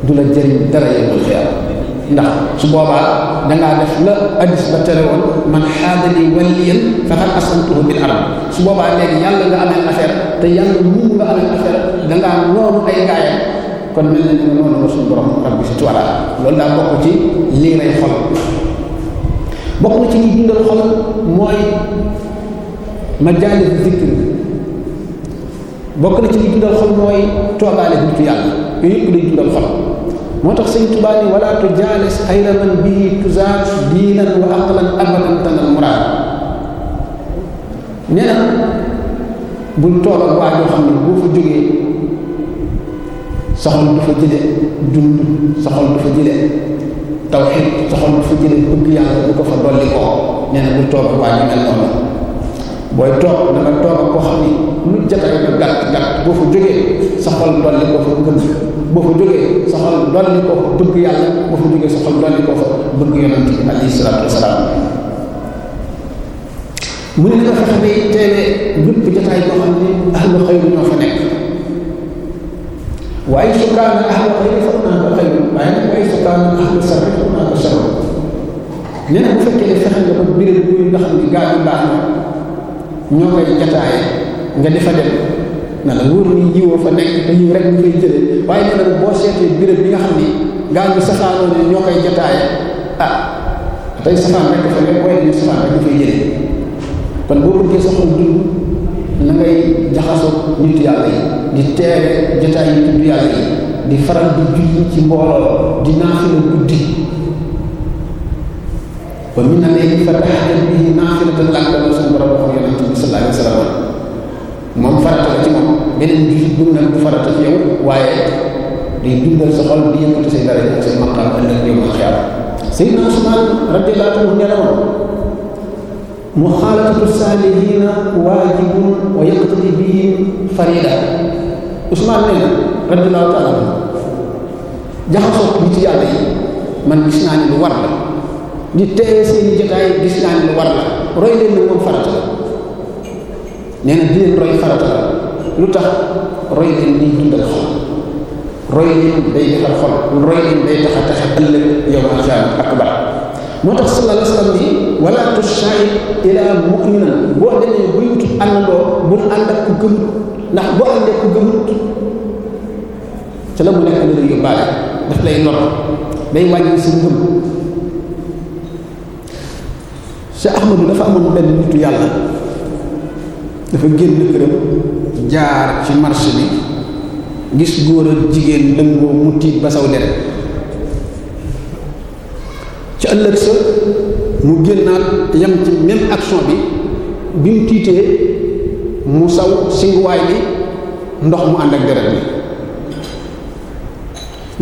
du la jëriñ dara yemul xiyam ndax su boobaa dangaa def la addis ba tere woon man xaadali waliyan faqad asantuhu bil ard su boobaa léegi yàlla nga amee affaire te yàlla muum nga amee affaire dangaa noonu ay gaayam kon mel na ni noonu la suñu borom rabbi si tuwala loolu daa bokk ci lii lay xol bokk na ci liy dundal xol mooy majaalis zikr bokk yàlla yooyu yëpp day dundal xol moo tax sëñ Tuubaa ni wala tujaalis xayra man bihi tuzaat diinan wa aqlan abadan tanal muraad nee na bul toog ak waa xam ne boo fa jógee soxol du fa jële dund soxol du fa jële tawxiid soxol du bu fa dolli booy toog da nga toog ak bu gàtt gàtt boo fa jógee soxol dolli koo fa gën boo fa jógee sa xol dolli koo fa bëgg yàlla boo fa jógee sa dolli koo fa bëgg yonent nga fexe ñoo fa nekk waaye ko na bu fekkee fexe nga ko biral na la wóor ni fa nekk te yiw rek nga fay jëlee waaye nee na boo seetee béréb bi nga xam ni ngaa ngi safaanoo ne ñoo koy jataaye ah tey safaan rek fa nekk waaye bi safaan rek nga fay jëlee kon boo bëggee sa xol dund na jaxasoo nit yàlla yi di teere jataay yi tudd yàlla yi di faral di julli ci mbooloo di naafila guddi ba min na léegi fa taxatal bii naafila te làkk la suñu borom waxoon yonente bi sallallahu alayhi wa sallam moom farata la ci moom beneen jullit bu nag du farata ci waaye day dundal sa xol di yëkkati say dara ak say maqaam ëllëg yow ma xiyaam Seydina Usmaan radiyallahu anhu nee na woon muxaalatatu saalihiina waajibun wa yaqtadi bihim farida Usmaan nee na radiyallahu taala anhu jaxasoo nit yàlla yi man gis naa ne lu war la di téye seeni jotaay gis naa ne lu war la roy leen moom farata nee na roy farata lu tax roy leen day dundal xol roy leen day defar xol roy leen day tax a tax a ëllëg yow alxiyama moo tax sallallahu alayhi wa sallam ni wala tushaa'ir ila mu'minan boo demee buy wut àndandoo bul ànd ak ku gëmut ndax boo ànd ak ku gëmut ca la mu nekk lu lay sa ngëm Cheikh Ahmadou dafa amoon benn nitu yàlla dafa génn këram jaar ci marché bi gis góor ak jigéen lëngoo mu tiit ba saw deret ci ëllëg sa mu génnaat yam ci même action bi bi mu tiitee mu saw singuwaay bi ndox mu ànd ak deret bi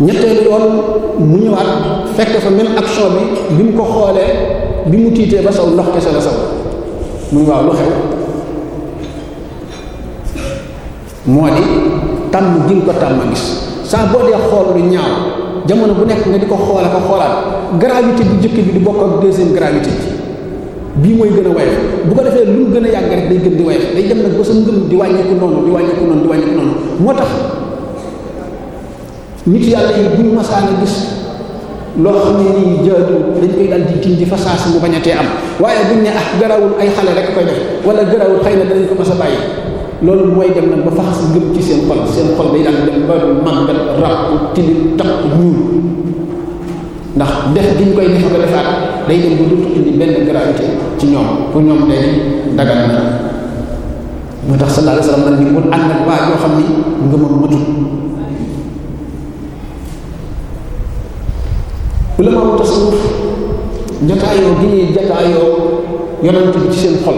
ñetteelu yoon mu ñëwaat fekk fa même action bi bi mu ko xoolee bi mu tiitee ba saw ndox kese la saw muy waaw lu xew moo di tàmm gi nga ko tàmm gis saa boo dee xool lu ñaaw jamono bu nekk nga di ko xool ak a xoolaat gravité bu njëkk bi di bokk ak deuxième gravité bi bii mooy gën a woyof bu ko defee lu mu gën a yàgg rek day gën di woyof day dem nag ba sa ngëm di wàññeeku noonu di wàññeeku noonu di wàññeeku noonu moo tax nit yàlla yi buñ masaana gis loo xam ne nii jaadu dañ koy dal di tiñ di fasaas mu bañatee am waaye buñ ne ah garawul ay xale rek koy def wala garawul xëy na danañ ko mas a loolu mooy dem nag ba faxas ngëm ci seen xol seen xol day daal dem ba màggat rab tilim taq ñuul ndax def gi ñu koy def ko defaat day dem ba dootul indi benn gravité ci ñoom pour ñoom day dagal na moo tax sallallahu alayhi wa sallam nag ñu mun ànd ak waa yoo xam ni ngëmam matul ulama tasawuf jotaayoo gi ñuy jotaayoo yonent bi ci seen xol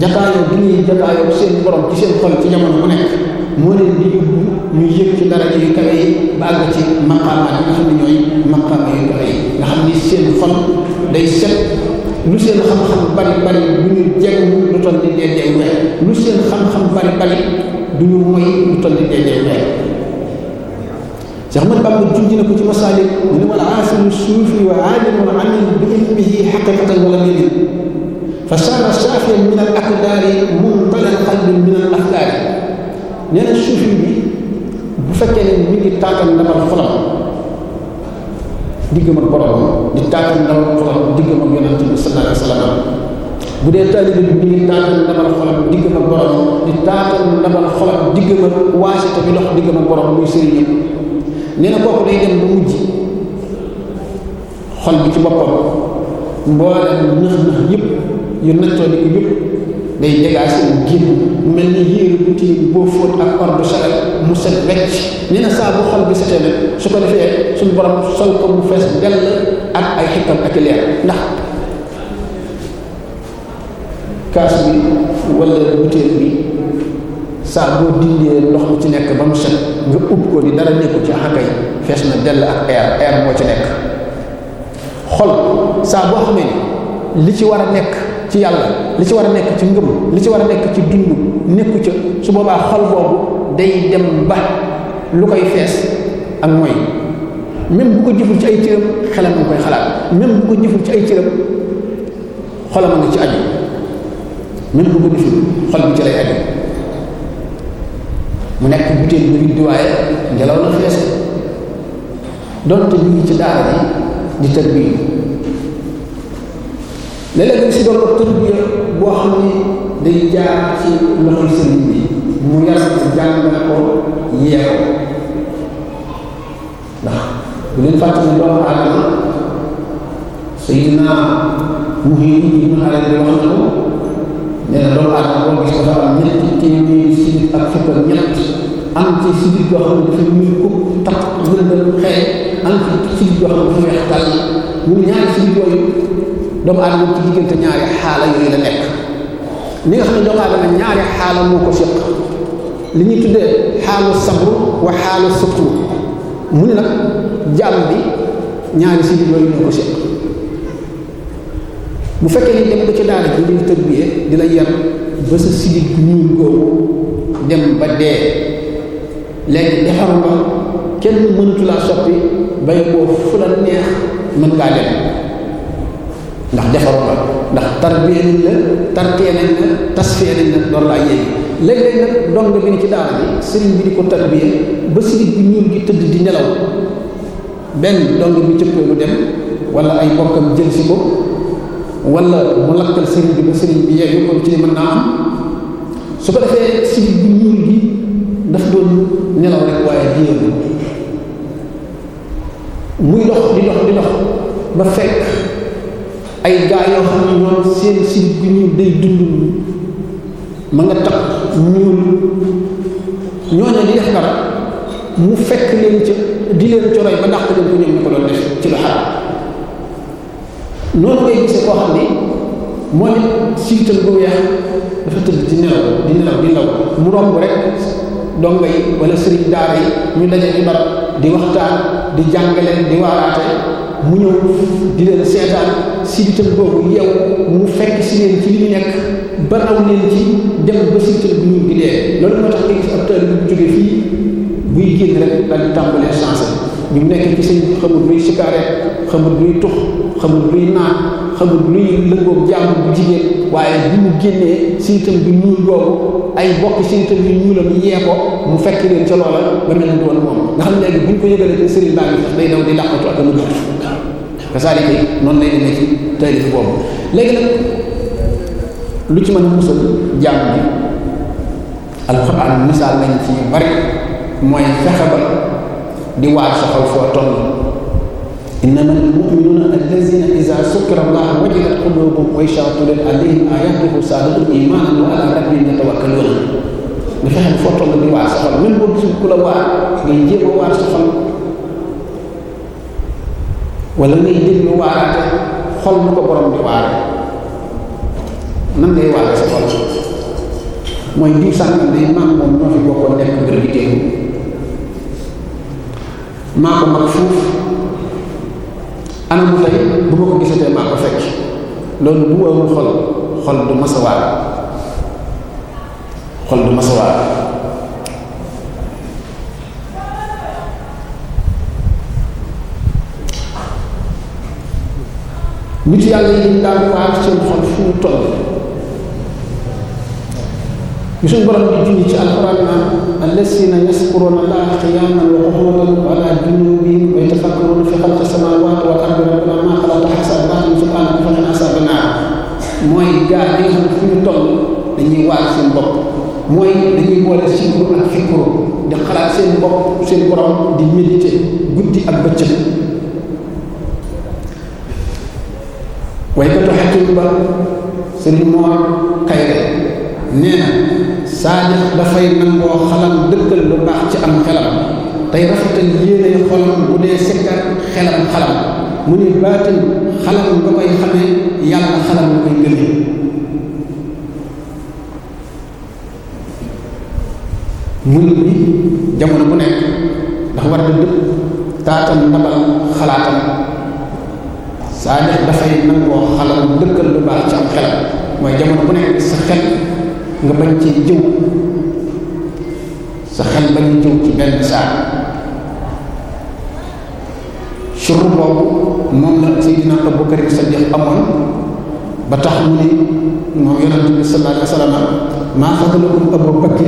jataayoo bi ñuy jataayoo seen borom ci seen xol ci jamono bu nekk moo leen di yóbbu ñu yëg ci dara yu kawe yi ba àgg ci maqaama yi nga xam ne ñooy maqaama yu kawe yi nga xam ni seen xol day set lu seen xam-xam bari bari du ñu jeg lu toll ni dee dee weer lu seen xam-xam bari bari du ñu moy ni dee dee weer Cheikh Ahmad Bamba junj na ko ci masaalik mu ne wal aasilu suufi fa saara saafiyan min al aqdaari muntalan qalbin min al axlaaqi nee na suufi bi bu fekkee ne mi ngi tàkkal ndabal xolam diggam ak borom di tàkkal ndabal xolam diggam ak yonent bi sallallahu alayhi wa sallam bu dee taalibe bi mi ngi tàkkal ndabal xolam diggam ak borom di tàkkal ndabal xolam diggam ak waasita bi dox diggam ak borom muy sëriñ nee na kooku day dem ba mujj xol bi ci boppam mboolem ñax ñax yëpp. yu nattoo ko yëpp day dégager wu génn mel ni yéeru bu tilim boo fóot ak ordre de su ko defee suñu borom sol ko mu fees dell ak ndax kaas bi wala bi saa ci nekk ba mu set nga ub dell ak moo ci nekk xol saa boo xamee li ci war a nekk ci yàlla li ci war a nekk ci ngëm li ci war a nekk ci dund nekku ca su boobaa xol boobu day dem ba lu koy fees ak mooy même bu ko jëful ci ay cëram xelam xalaat même bu ko ci ay cëram xolam a nga ci aju même bu ko jëful xol bi ci lay aju mu nekk butéel bi di waaye ngelaw la fees doonte ñu ci daara ji di tër bi léeg-léeg dañ si doon ko tërbiya boo xam ne day jaar ci loxol sëriñ bi mu yar si jàng na ko yee ko bu leen fàttali ne doomu aadama Sayyidina Muhyiddin Ibn Arabi wax na ko nee na doomu aadama boo gis dafa am ñetti téeméeri si ak fukk ak ñett am ci si biir boo xam ne dafa ñuul ko tax wërngal xeeñ am ci si biir boo xam doomu aadama ci diggante ñaari xaala yooyu la nekk li nga xam ne doomu aadama ñaari xaala moo ko fiq li ñuy tuddee xaalu sabru wa xaalu sukur bi ñaari si biir yooyu ñoo bu fekkee ni dem ba ci daara ji di la tërbiyee di la yar ba sa sidit gu ñuul googu dem ba dee léegi defaru kenn mënatu laa soppi bay boo fu la neex mën ngaa dem ndax defaru la ndax tarbiya nañ la tartiya nañ la tasfiya nañ la door laa yéegi léeg-léeg nag bi ni ci daara bi sëriñ bi di ko tarbiya ba sëriñ bi ñuul gi tëdd di nelaw benn dong bi cëppee lu dem wala ay bokkam jël si ko wala mu lakkal sëriñ bi ba sëriñ bi yeegi ko ci li mën naa am su ko defee sëriñ bi ñuul gi daf doon nelaw rek waaye jéem muy dox di dox di dox ba fekk ay gaa yoo xam ne ñoom seen sin bi ñu day dund ma nga tax ñoo ñooñu di def dara mu fekk leen ca di leen coroy ba dàq leen ko ñoom ñu ko doon def ci lu xaram noonu ngay gisee koo xam ne moo ne siital bu weex dafa tëdd di nelaw di nelaw mu romb rek dongo yi wala sëriñ daara yi ñu daje ci barab di waxtaan di jàngale di waaraate mu ñëw di leen seetaan si bital boobu yow mu fekk si leen ci li ñu nekk ba aw leen ci dem ba si bital bu ñu di dee loolu moo tax nga gis ab taali bu jóge fii buy génn rek daal di tàmbalee changé ñu nekk ci seen xamul luy sikaare xamul luy tux xamul luy naan xamul luy lëngoog jàmm bu jigéen waaye bi mu génnee siitam bi ñuul googu ay bokk siitam bi ñuulam yee ko mu fekk leen ca loola ba mel ni doon moom nga xam léegi bu ñu ko yëgalee te sëriñ baa ngi sax day daw di làqatu ak a lëngoog kasaalika noonu lay demee ci taalif boobu léegi nag lu ci mën a musal jàmm bi alxuraan misaal nañ ci bari mooy fexe ba di waar sa xaw foo toll إنما المؤمنون الذين إذا ذكر الله وجلت قلوبهم وإذا تليت عليهم آياته زادتهم إيمانا وعلى ربهم يتوكلون nga fexe foo toll di waar sa xol même boo gisul ku waar ngay jéem a waar sa xol wala ngay déglu waaraate xol mu ko borom di waar nan ngay waaree sa xol mooy diw sàngam day maam moom ñoo fi bokkoon nekk mbir bi maa ko mag fuuf bu ma ko gisatee maa ko fekk loolu du masawaar xol du nit yàlla yi daan waar seen xol fu mu bi suñ borom di junj ci alquran naan allazina yaskuruna allaha qiyaman wa qu'udan wa ala junubihim wa yatafakkaruna fi xalqi samawati wal ardi rabbana ma xalaqta hadha baatilan subhanaka qina azaban naar mooy gaa yi nga xam ne fi ñu toll dañuy waaj seen bopp mooy dañuy boole sikru ak fikru di xalaat seen bopp seen borom di méditer guddi ak bëccëg waykatu xakim ba sëriñ moor kayre nee na saadix dafay nangoo xalam dëkkal lu baax ci am xelam tey rafetal yéene xolam bu dee sikkar xelam xalam mu ni baatin xalam nga koy xamee yàlla xalam nga koy gënee mun bi jamono bu nekk ndax war di dëpp taatam ndabal xalaatam saadix dafay nangoo xalam dëkkal lu baax ci am xelam mooy jamono bu nekk sa xel nga bañ cee jëw sa xel bañ jëw ci benn saar suru boobu moom la Seydina Abu Bakar Sadiq amoon ba tax mu ne moom yonente bi sallallahu alayhi wa sallam maa fadalakum Abu Bakr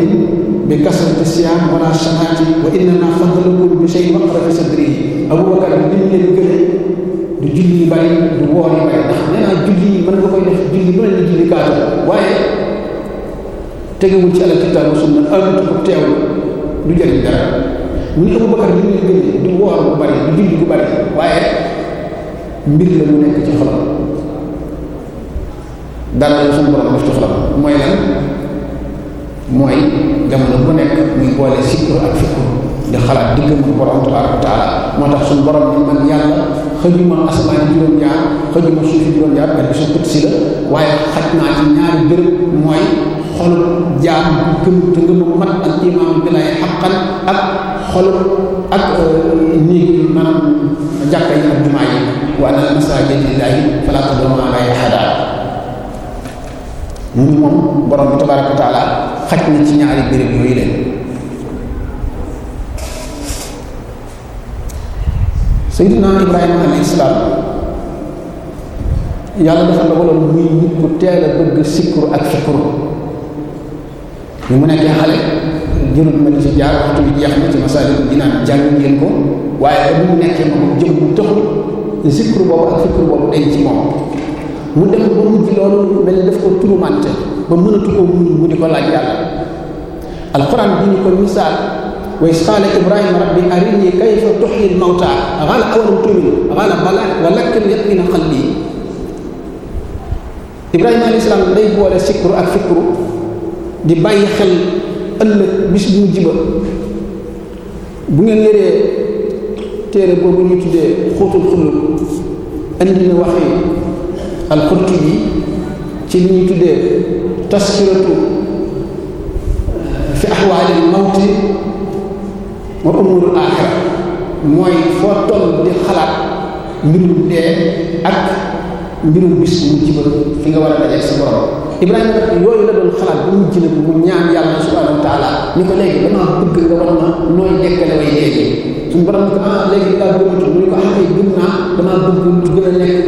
bi kasrati siyaam wala shanaati wa innama fadalakum bi shay maqrabi sadri Abu Bakar bi lim leen gëne du julli yu bari du woor yu bari ndax nee naa julli yi mën nga koy def julli mën na julli kaatu waaye tegewul ci alkitaab wa sunna ànd ko teewlu du jëriñ dara mu ni Abu Bakar li muy gën du woor bu bari du julli bu bari waaye mbir la mu nekk ci xolam dara la suñu borom def ci xolam jamono bu nekk muy boole sikkur ak di xalaat diggam borom tabaraka wa taala moo tax suñu borom bi man yàlla xëjuma asamaan juróom-ñaar xëjuma suufi juróom-ñaar parce su kut la waaye xaj naa ci ñaari béréb mooy xolub jaam gëm gëm bu mat ak imaam bi lay xaqan ak xolub ak euh, néeg yi maanaam yi ak jumaa yi wa anna masaajida lillaahi falaa tad'uu ma'a llaahi ahadaa mu ni moom borom bi tabaaraka xaj na ci ñaari béréb yooyu leen Seydina Ibrahima alayhi salaam yàlla dafa dogaloon muy nit ku a bëgg sikkur ak sukkur ñu mu nekkee xale jërul ma di ci jaar waxtu bi jeex na ci masaalikul jinaan jàng ngeen ko waaye ba mu nekkee moom jëm bu taxul zikru boobu ak fikru boobu day ci moom mu dem ba mujj loolu mel daf ko turumante ba mënatu ko muñ mu di ko laaj yàlla alquran bi ñu ko misaal wa is qaala ibrahima rabbi arini kayfa tuxyi lmawta qaala awalam tumin qaala bala walakin yatmina qalbi ibrahima salaam day boole sikru ak fikru di bàyyi xel ëllëg bis bu mujj ba bu ngeen yëree téere boobu ñu tuddee xóotul xulub indi na waxi alxurtu yi ci li ñu tuddee taskiratu fi axwaalil mawti wa umurul aaxira mooy foo toll di xalaat mbirum dee ak mbirum bis bu mujj ba fi nga war a dajee sa borom Ibrahima nag yooyu la doon xalaat bu mujj nag mu ñaan yàlla subhanahu wa taala ni ko léegi damaa bëgg nga wax ma nooy dekkale way dee bi suñu borom ni ko ah léegi daa gëmatu mu ni ko axee ah, gëm naa damaa bëgg lu gën a nekk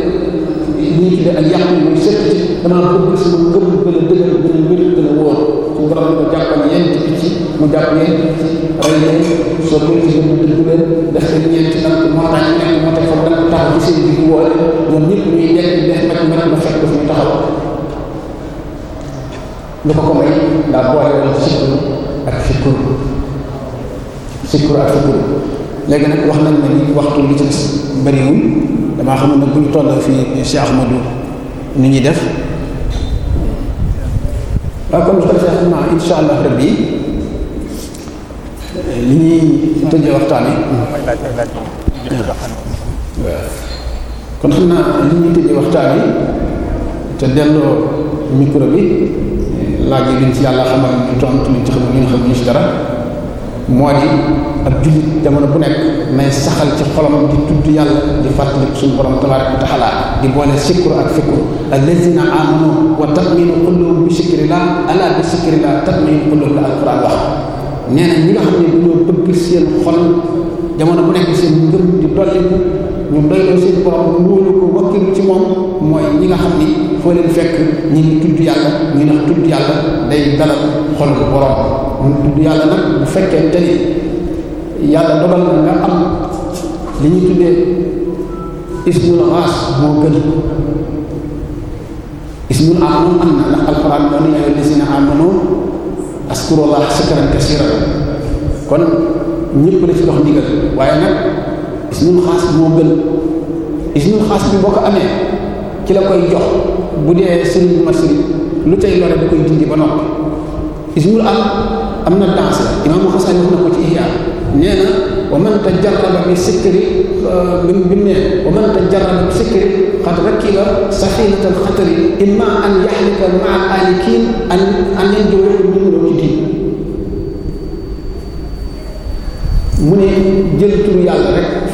ñuy tudde ak yàqu muy sëkk ci damaa bëgg sama ngëm gën a dëgër gën a wér gën a wóor suñu borom ni ko jàppal yéen ci picc mu jàpp yéen ci picc rey leen soo ko ci gëm dëgg leen def leen ñeent nag moo tax ñu nekk moo tax foofu nag taxaw ci seen digg woo ñoom ñëpp ñuy nekk def nag nag ba fekk fi ñu taxaw lu ko ko may ndax boole woon sikkur ak fikkur sikkur ak fikkur léegi nag wax nañ ni waxtu li ci des bëriwul damaa xamul nag bu ñu toll fii Cheikh Ahmadou nu ñuy def waaw kon xam naa allah rabbi li ñuy tëje waxtaan yi kon xam waxtaan yi te delloo micro bi laaj yi liñ ci yàlla xamal ñu tontu liñ ci xamul ñu xam ñu ci dara moo di ab jullit jamono bu nekk nay saxal ci xolam di tudd yàlla di fàttali suñu borom tabaaraka wa taala di boole sikkur ak fikkur allazina amanu wa tatminu qulubuhum bi sikrillah ala bi sikrillah tatminu la alquran wax nee na ñi nga xam ne dañoo bëgg seen xol jamono bu nekk seen ngëm di dolli ñu doyloo seen borom wóolu ko wakkil ci moom mooy ñi nga xam ni foo leen fekk ñi ngi tudd yàlla ñi ndax tudd yàlla day dalal xol bu borom ñu tudd yàlla nag bu fekkee te ni yàlla dogal na nga am li ñuy tuddee ismul xaas moo gën ismul aam moom am na ndax alquran moo ni yaa la waaye nag ismul xaas bi moo gën ismul xaas bi boo ko amee ci la koy jox bu dee sëriñ bu ma sëriñ lu tey lore bu koy dindi ba noppi ismul al am na danse imaamu xasan wax na ko ci ihya nee na wa man tajarraba bi sikkiri euh, bi bi mu nee wa man tajarraba bi sikkiri xad rakiba safiinatal xatari imma an yaxlika ma alikin an an leen jowé ñu mu doon ci diin mu ne jël turu yàlla rek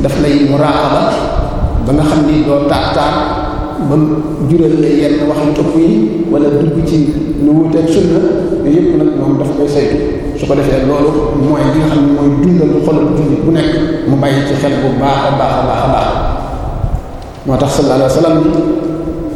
daf lay muraqaba ba nga xam ni doo taar taar ba jural la yenn wax yu topp yi wala dugg ci lu wuteeg sunna yooyu yëpp nag moom daf koy saytu su ko defee loolu mooy li nga xam ne mooy dundal xolal jullit bu nekk mu bàyyi ci xel bu baax a baax a baax a baax moo tax sallallahu alayhi wa sallam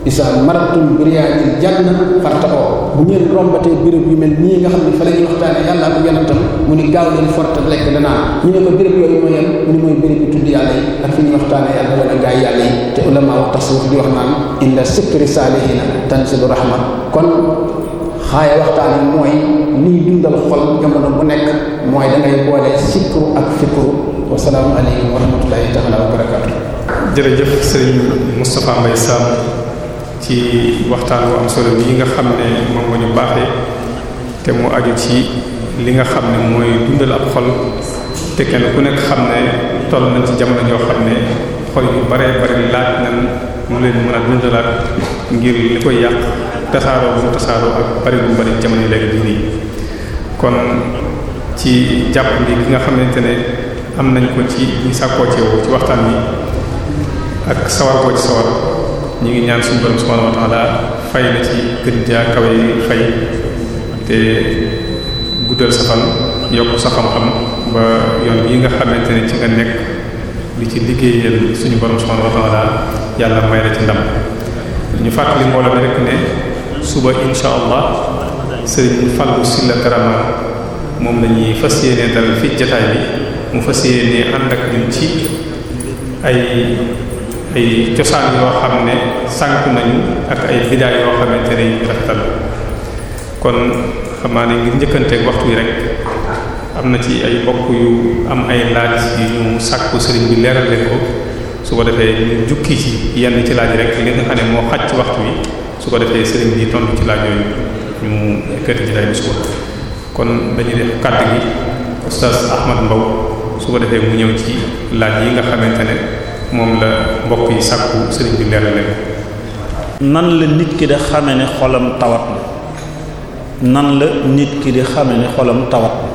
isaa maratum biriyaati janna farta oo bu ngeen rombatee béréb yu mel nii nga xam ne fa la ñuy waxtaane yàlla ak yonentam mu ni gaaw leen forte lekk danaa ñu ne ko béréb yooyu mooy yan mu ni mooy béréb yu tudd yàlla yi ak fi ñuy waxtaane yàlla wala gaay yàlla yi te ulama wa tasawuf di naan inda sikri saalihina tanzilu rahma kon xaaye waxtaane mooy liy dundal xol jamono bu nekk mooy da ngay boole sikru ak fikru wasalaamu aleykum wa rahmatullahi taala wa barakatu jërëjëf sëriñ Moustapha Mbaye Sam ci waxtaan wu am solo yi nga xam ne moom nga ñu baaxee te mu aju ci li nga xam ne mooy dundal ab xol te kenn ku nekk xam ne toll nañ ci jamono joo xam ne xol yu bare bari laaj nañ mu leen mën a dundalaat ngir li koy yàq tasaaroo bu mu tasaaroo ak bari bu mu bari jamono léegi nii kon ci jàpp bi gi nga xamante ne am nañ ko ci ñi sàkkoo ci waxtaan bi ak sawar koo ci sawar ñu ngi ñaan suñu borom subhanahu wa ta'ala fay la ci gën jaa kawe fay te guddal sa fan yokk sa xam-xam ba yoon yi nga xamante ne ci nga nekk li ci liggéeyal suñu borom subhanahu wa ta'ala yàlla may ci ndam ñu fàttali mbooloo mi rek ne suba insha allah sëriñ Fallou Sylla Karama moom lañuy ñuy fas yéene dal fi jataay bi mu fas yéene ànd ak ñun ci ay ay cosaan yoo xam ne sànku nañu ak ay bidaa yoo xamante ne yu rafetal kon xamaa ne ngir njëkkanteeg waxtu yi rek am na ci ay bokk yu am ay laaj yu ñu sàkku sëriñ bi leeral ko su ko defee ñu jukki ci yenn ci laaj rek li nga xam ne moo xaj ci waxtu wi su ko defee sëriñ bi tontu ci laaj yooyu ñu kër ci day bi suba kon dañuy def kàddu gi oustaz Ahmad Mbaw su ko defee mu ñëw ci laaj yi nga xamante ne moom la mbokk yi sàkku sëriñ bi leer leen nan la nit ki di xame ne xolam tawat na nan la nit ki di xame ne xolam tawat na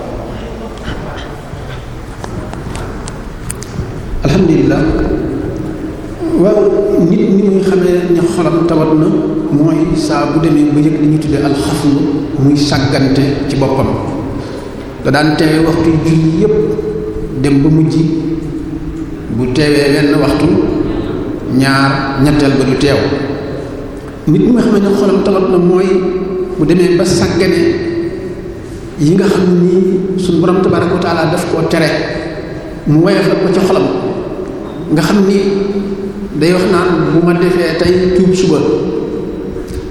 alhamdulilah waaw nit ñi muy xamee ne xolam tawat na mooy saa bu demee ba yëg li ñu tuddee alxaflu muy sàggante ci boppam da daan teewee waxtu julli yépp dem ba mujj bu teewee wenn waxtu ñaar ñetteel ba du teew nit ñi nga xam ne xolam tawat na mooy bu demee ba sàggane yi nga xam ni suñu borom tabaraka wa taala daf koo tere mu woyofal ko ci xolam nga xam ni day wax naan bu ma defee tey tuub suba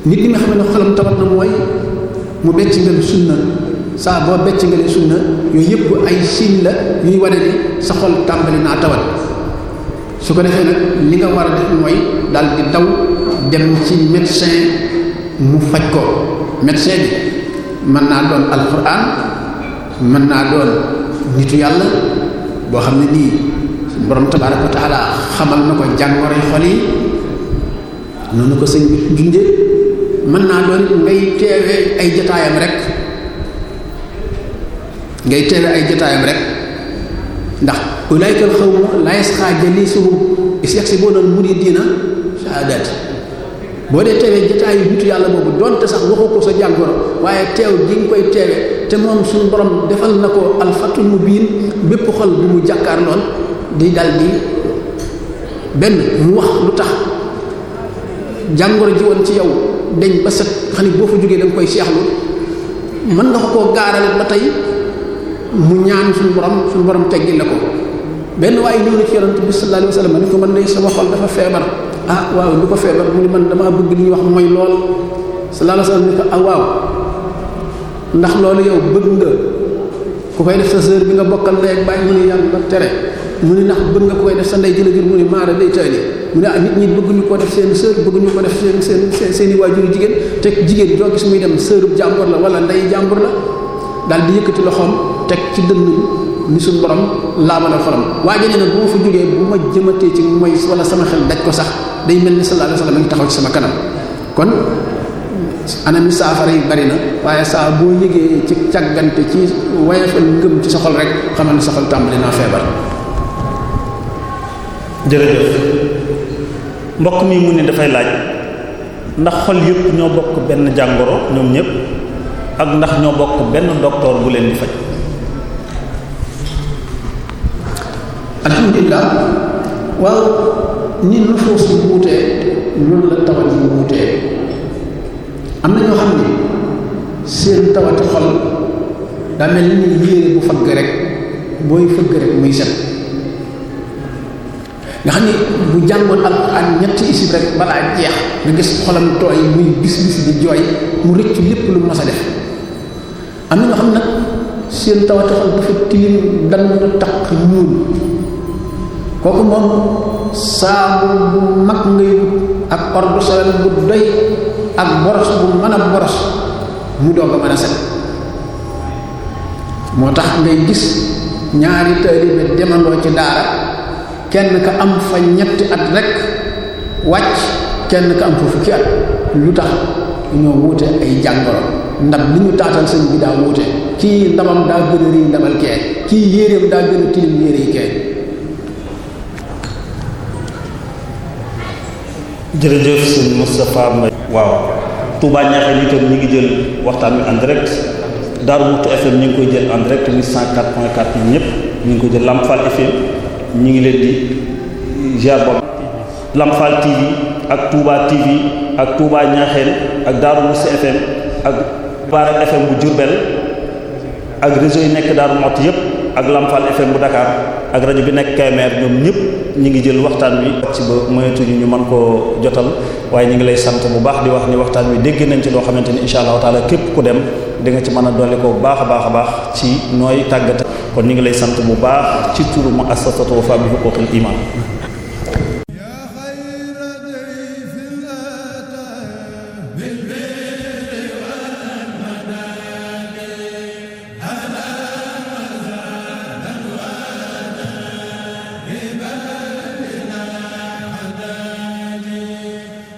nit ñi nga xam ne xolam tawat na mooy mu becc ngeen sunna saa boo becc ngeen sunna yooyu yëpp ay signe la yuy wane sa xol tàmbali naa tawat su ko defee nag li nga war a def mooy dal di daw dem ci médecin mu faj ko médecin bi mën naa doon alquran mën naa doon nitu yàlla boo xam ne nii borom tabaaraka wa taala xamal na ko jàngoroy xol yi noonu ko sëñ bi junde mën naa doon ngay teewe ay jotaayam rek ngay teewe ay jotaayam rek ndax ulaayka alxawmu laa yasxaa jalisuhum istaxsibuuna almuridina si boo mu di dee teewee jataayu nitu yàlla boobu doonte sax waxu ko sa jàngoro waaye teew gi nga koy teewe te moom suñu borom defal na ko alfatul mubiin bépp xol bu mu jàkkaar lool di dal di benn mu wax lu tax jàngoro ji woon ci yow dañ ba set xam ne boo fa jógee da koy seexlu mën nga ko koo gaarale ba tey mu ñaan suñu borom suñu borom teggil la ko benn waaye ñëw na ci yonent bi sallallahu alayhi ni ko mën day sama xol dafa feebar ah waaw lu ko feebar mu ni man damaa bëgg lu ñuy wax mooy lool sallallahu alayhi wa ah, waaw ndax loolu yow bëgg nga ku koy def sa sœur bi nga bokkal ndey ak baay mu ne nga tere mu ne ndax bëgg nga koy def sa ndey jëla jur mu mu ne ah nit ñi bëgguñu ko def seen sœur bëgguñu ko def seen seen seeni i waajur jigéen te jigéen joo gis muy dem sœurub jàmbur la wala ndey jàmbur la daal di yëkkati loxoom teg ci dënn ni suñ borom laabalal xolam waaye nee na boo fi fa bu ma jëmatee ci mooy wala sama xel daj ko sax day mel ni sallallahu alayhi wasallam ngi taxaw ci sama kanam kon anami saafara yi bari na waaye saa boo yëgee ci càggante ci wayafal ngëm ci sa xol rek xamal ne sa xol tàmbali naa feebar mbokk mi mu ne dafay laaj ndax xol yëpp ñoo bokk benn jàngoro ñoom ñëpp ak ndax ñoo bokk benn docteur bu leen di faj alhamdulilah waaw ni nufuus yi wuutee la tawat yi wuutee am na ñoo xam ne seen tawati xol daa mel ni rek booy fëgg rek muy xam ne bu jàngoon alquran ñetti jeex nga gis xolam tooy muy bis bis lu mas a na xam nag seen tawati xol dafa tilim dan na ñuul kooku moom saabu bu mag ngay ak ordu bu doy ak boros bu mën a boros mu doog mën a set moo tax ngay gis ñaari bi demandoo ci daara kenn ka am fa ñetti at rekk wàcc kenn ka am fa fukki at lu tax ñoo wuute ay jàngoro ndab li ñu taatal sëñ bi daa wuute kii ndamam daa gën a riy ndamal kee kii yéreem daa gën a tilim yére yi kee jërëjëf sëñ Moustapha Mbaye waaw Touba Ñaaxeen itam ñu ngi jël waxtaan wi en direct Darou Moukhty FM ñu ngi koy jël en direct muy 104 point 4 ñun ñu ngi koy jël Lamp Fall FM ñu ngi leen di ziar boobu Lamp Fall TV ak Touba TV ak Touba Ñaaxeen ak Darou Moukhty FM ak Barak FM bu Diourbel ak réseau yi nekk Darou Moukhty yëpp. ak Lamfal FM bu dakaar ak rajo bi nekk Kébémer ñoom ñëpp ñi ngi jël waxtaan wi ci ba moyetuñu ñu mën koo jotal waaye ñu ngi lay sant bu baax di wax ni waxtaan wi dégg nañ ci loo xamante ni incha allahu taala képp ku dem danga ci mën a dolli ko bu baax a baax baax ci ñooy tàggata kon ñu ngi lay sant bu baax ci turu ma assasatu wafa bi huquqil iman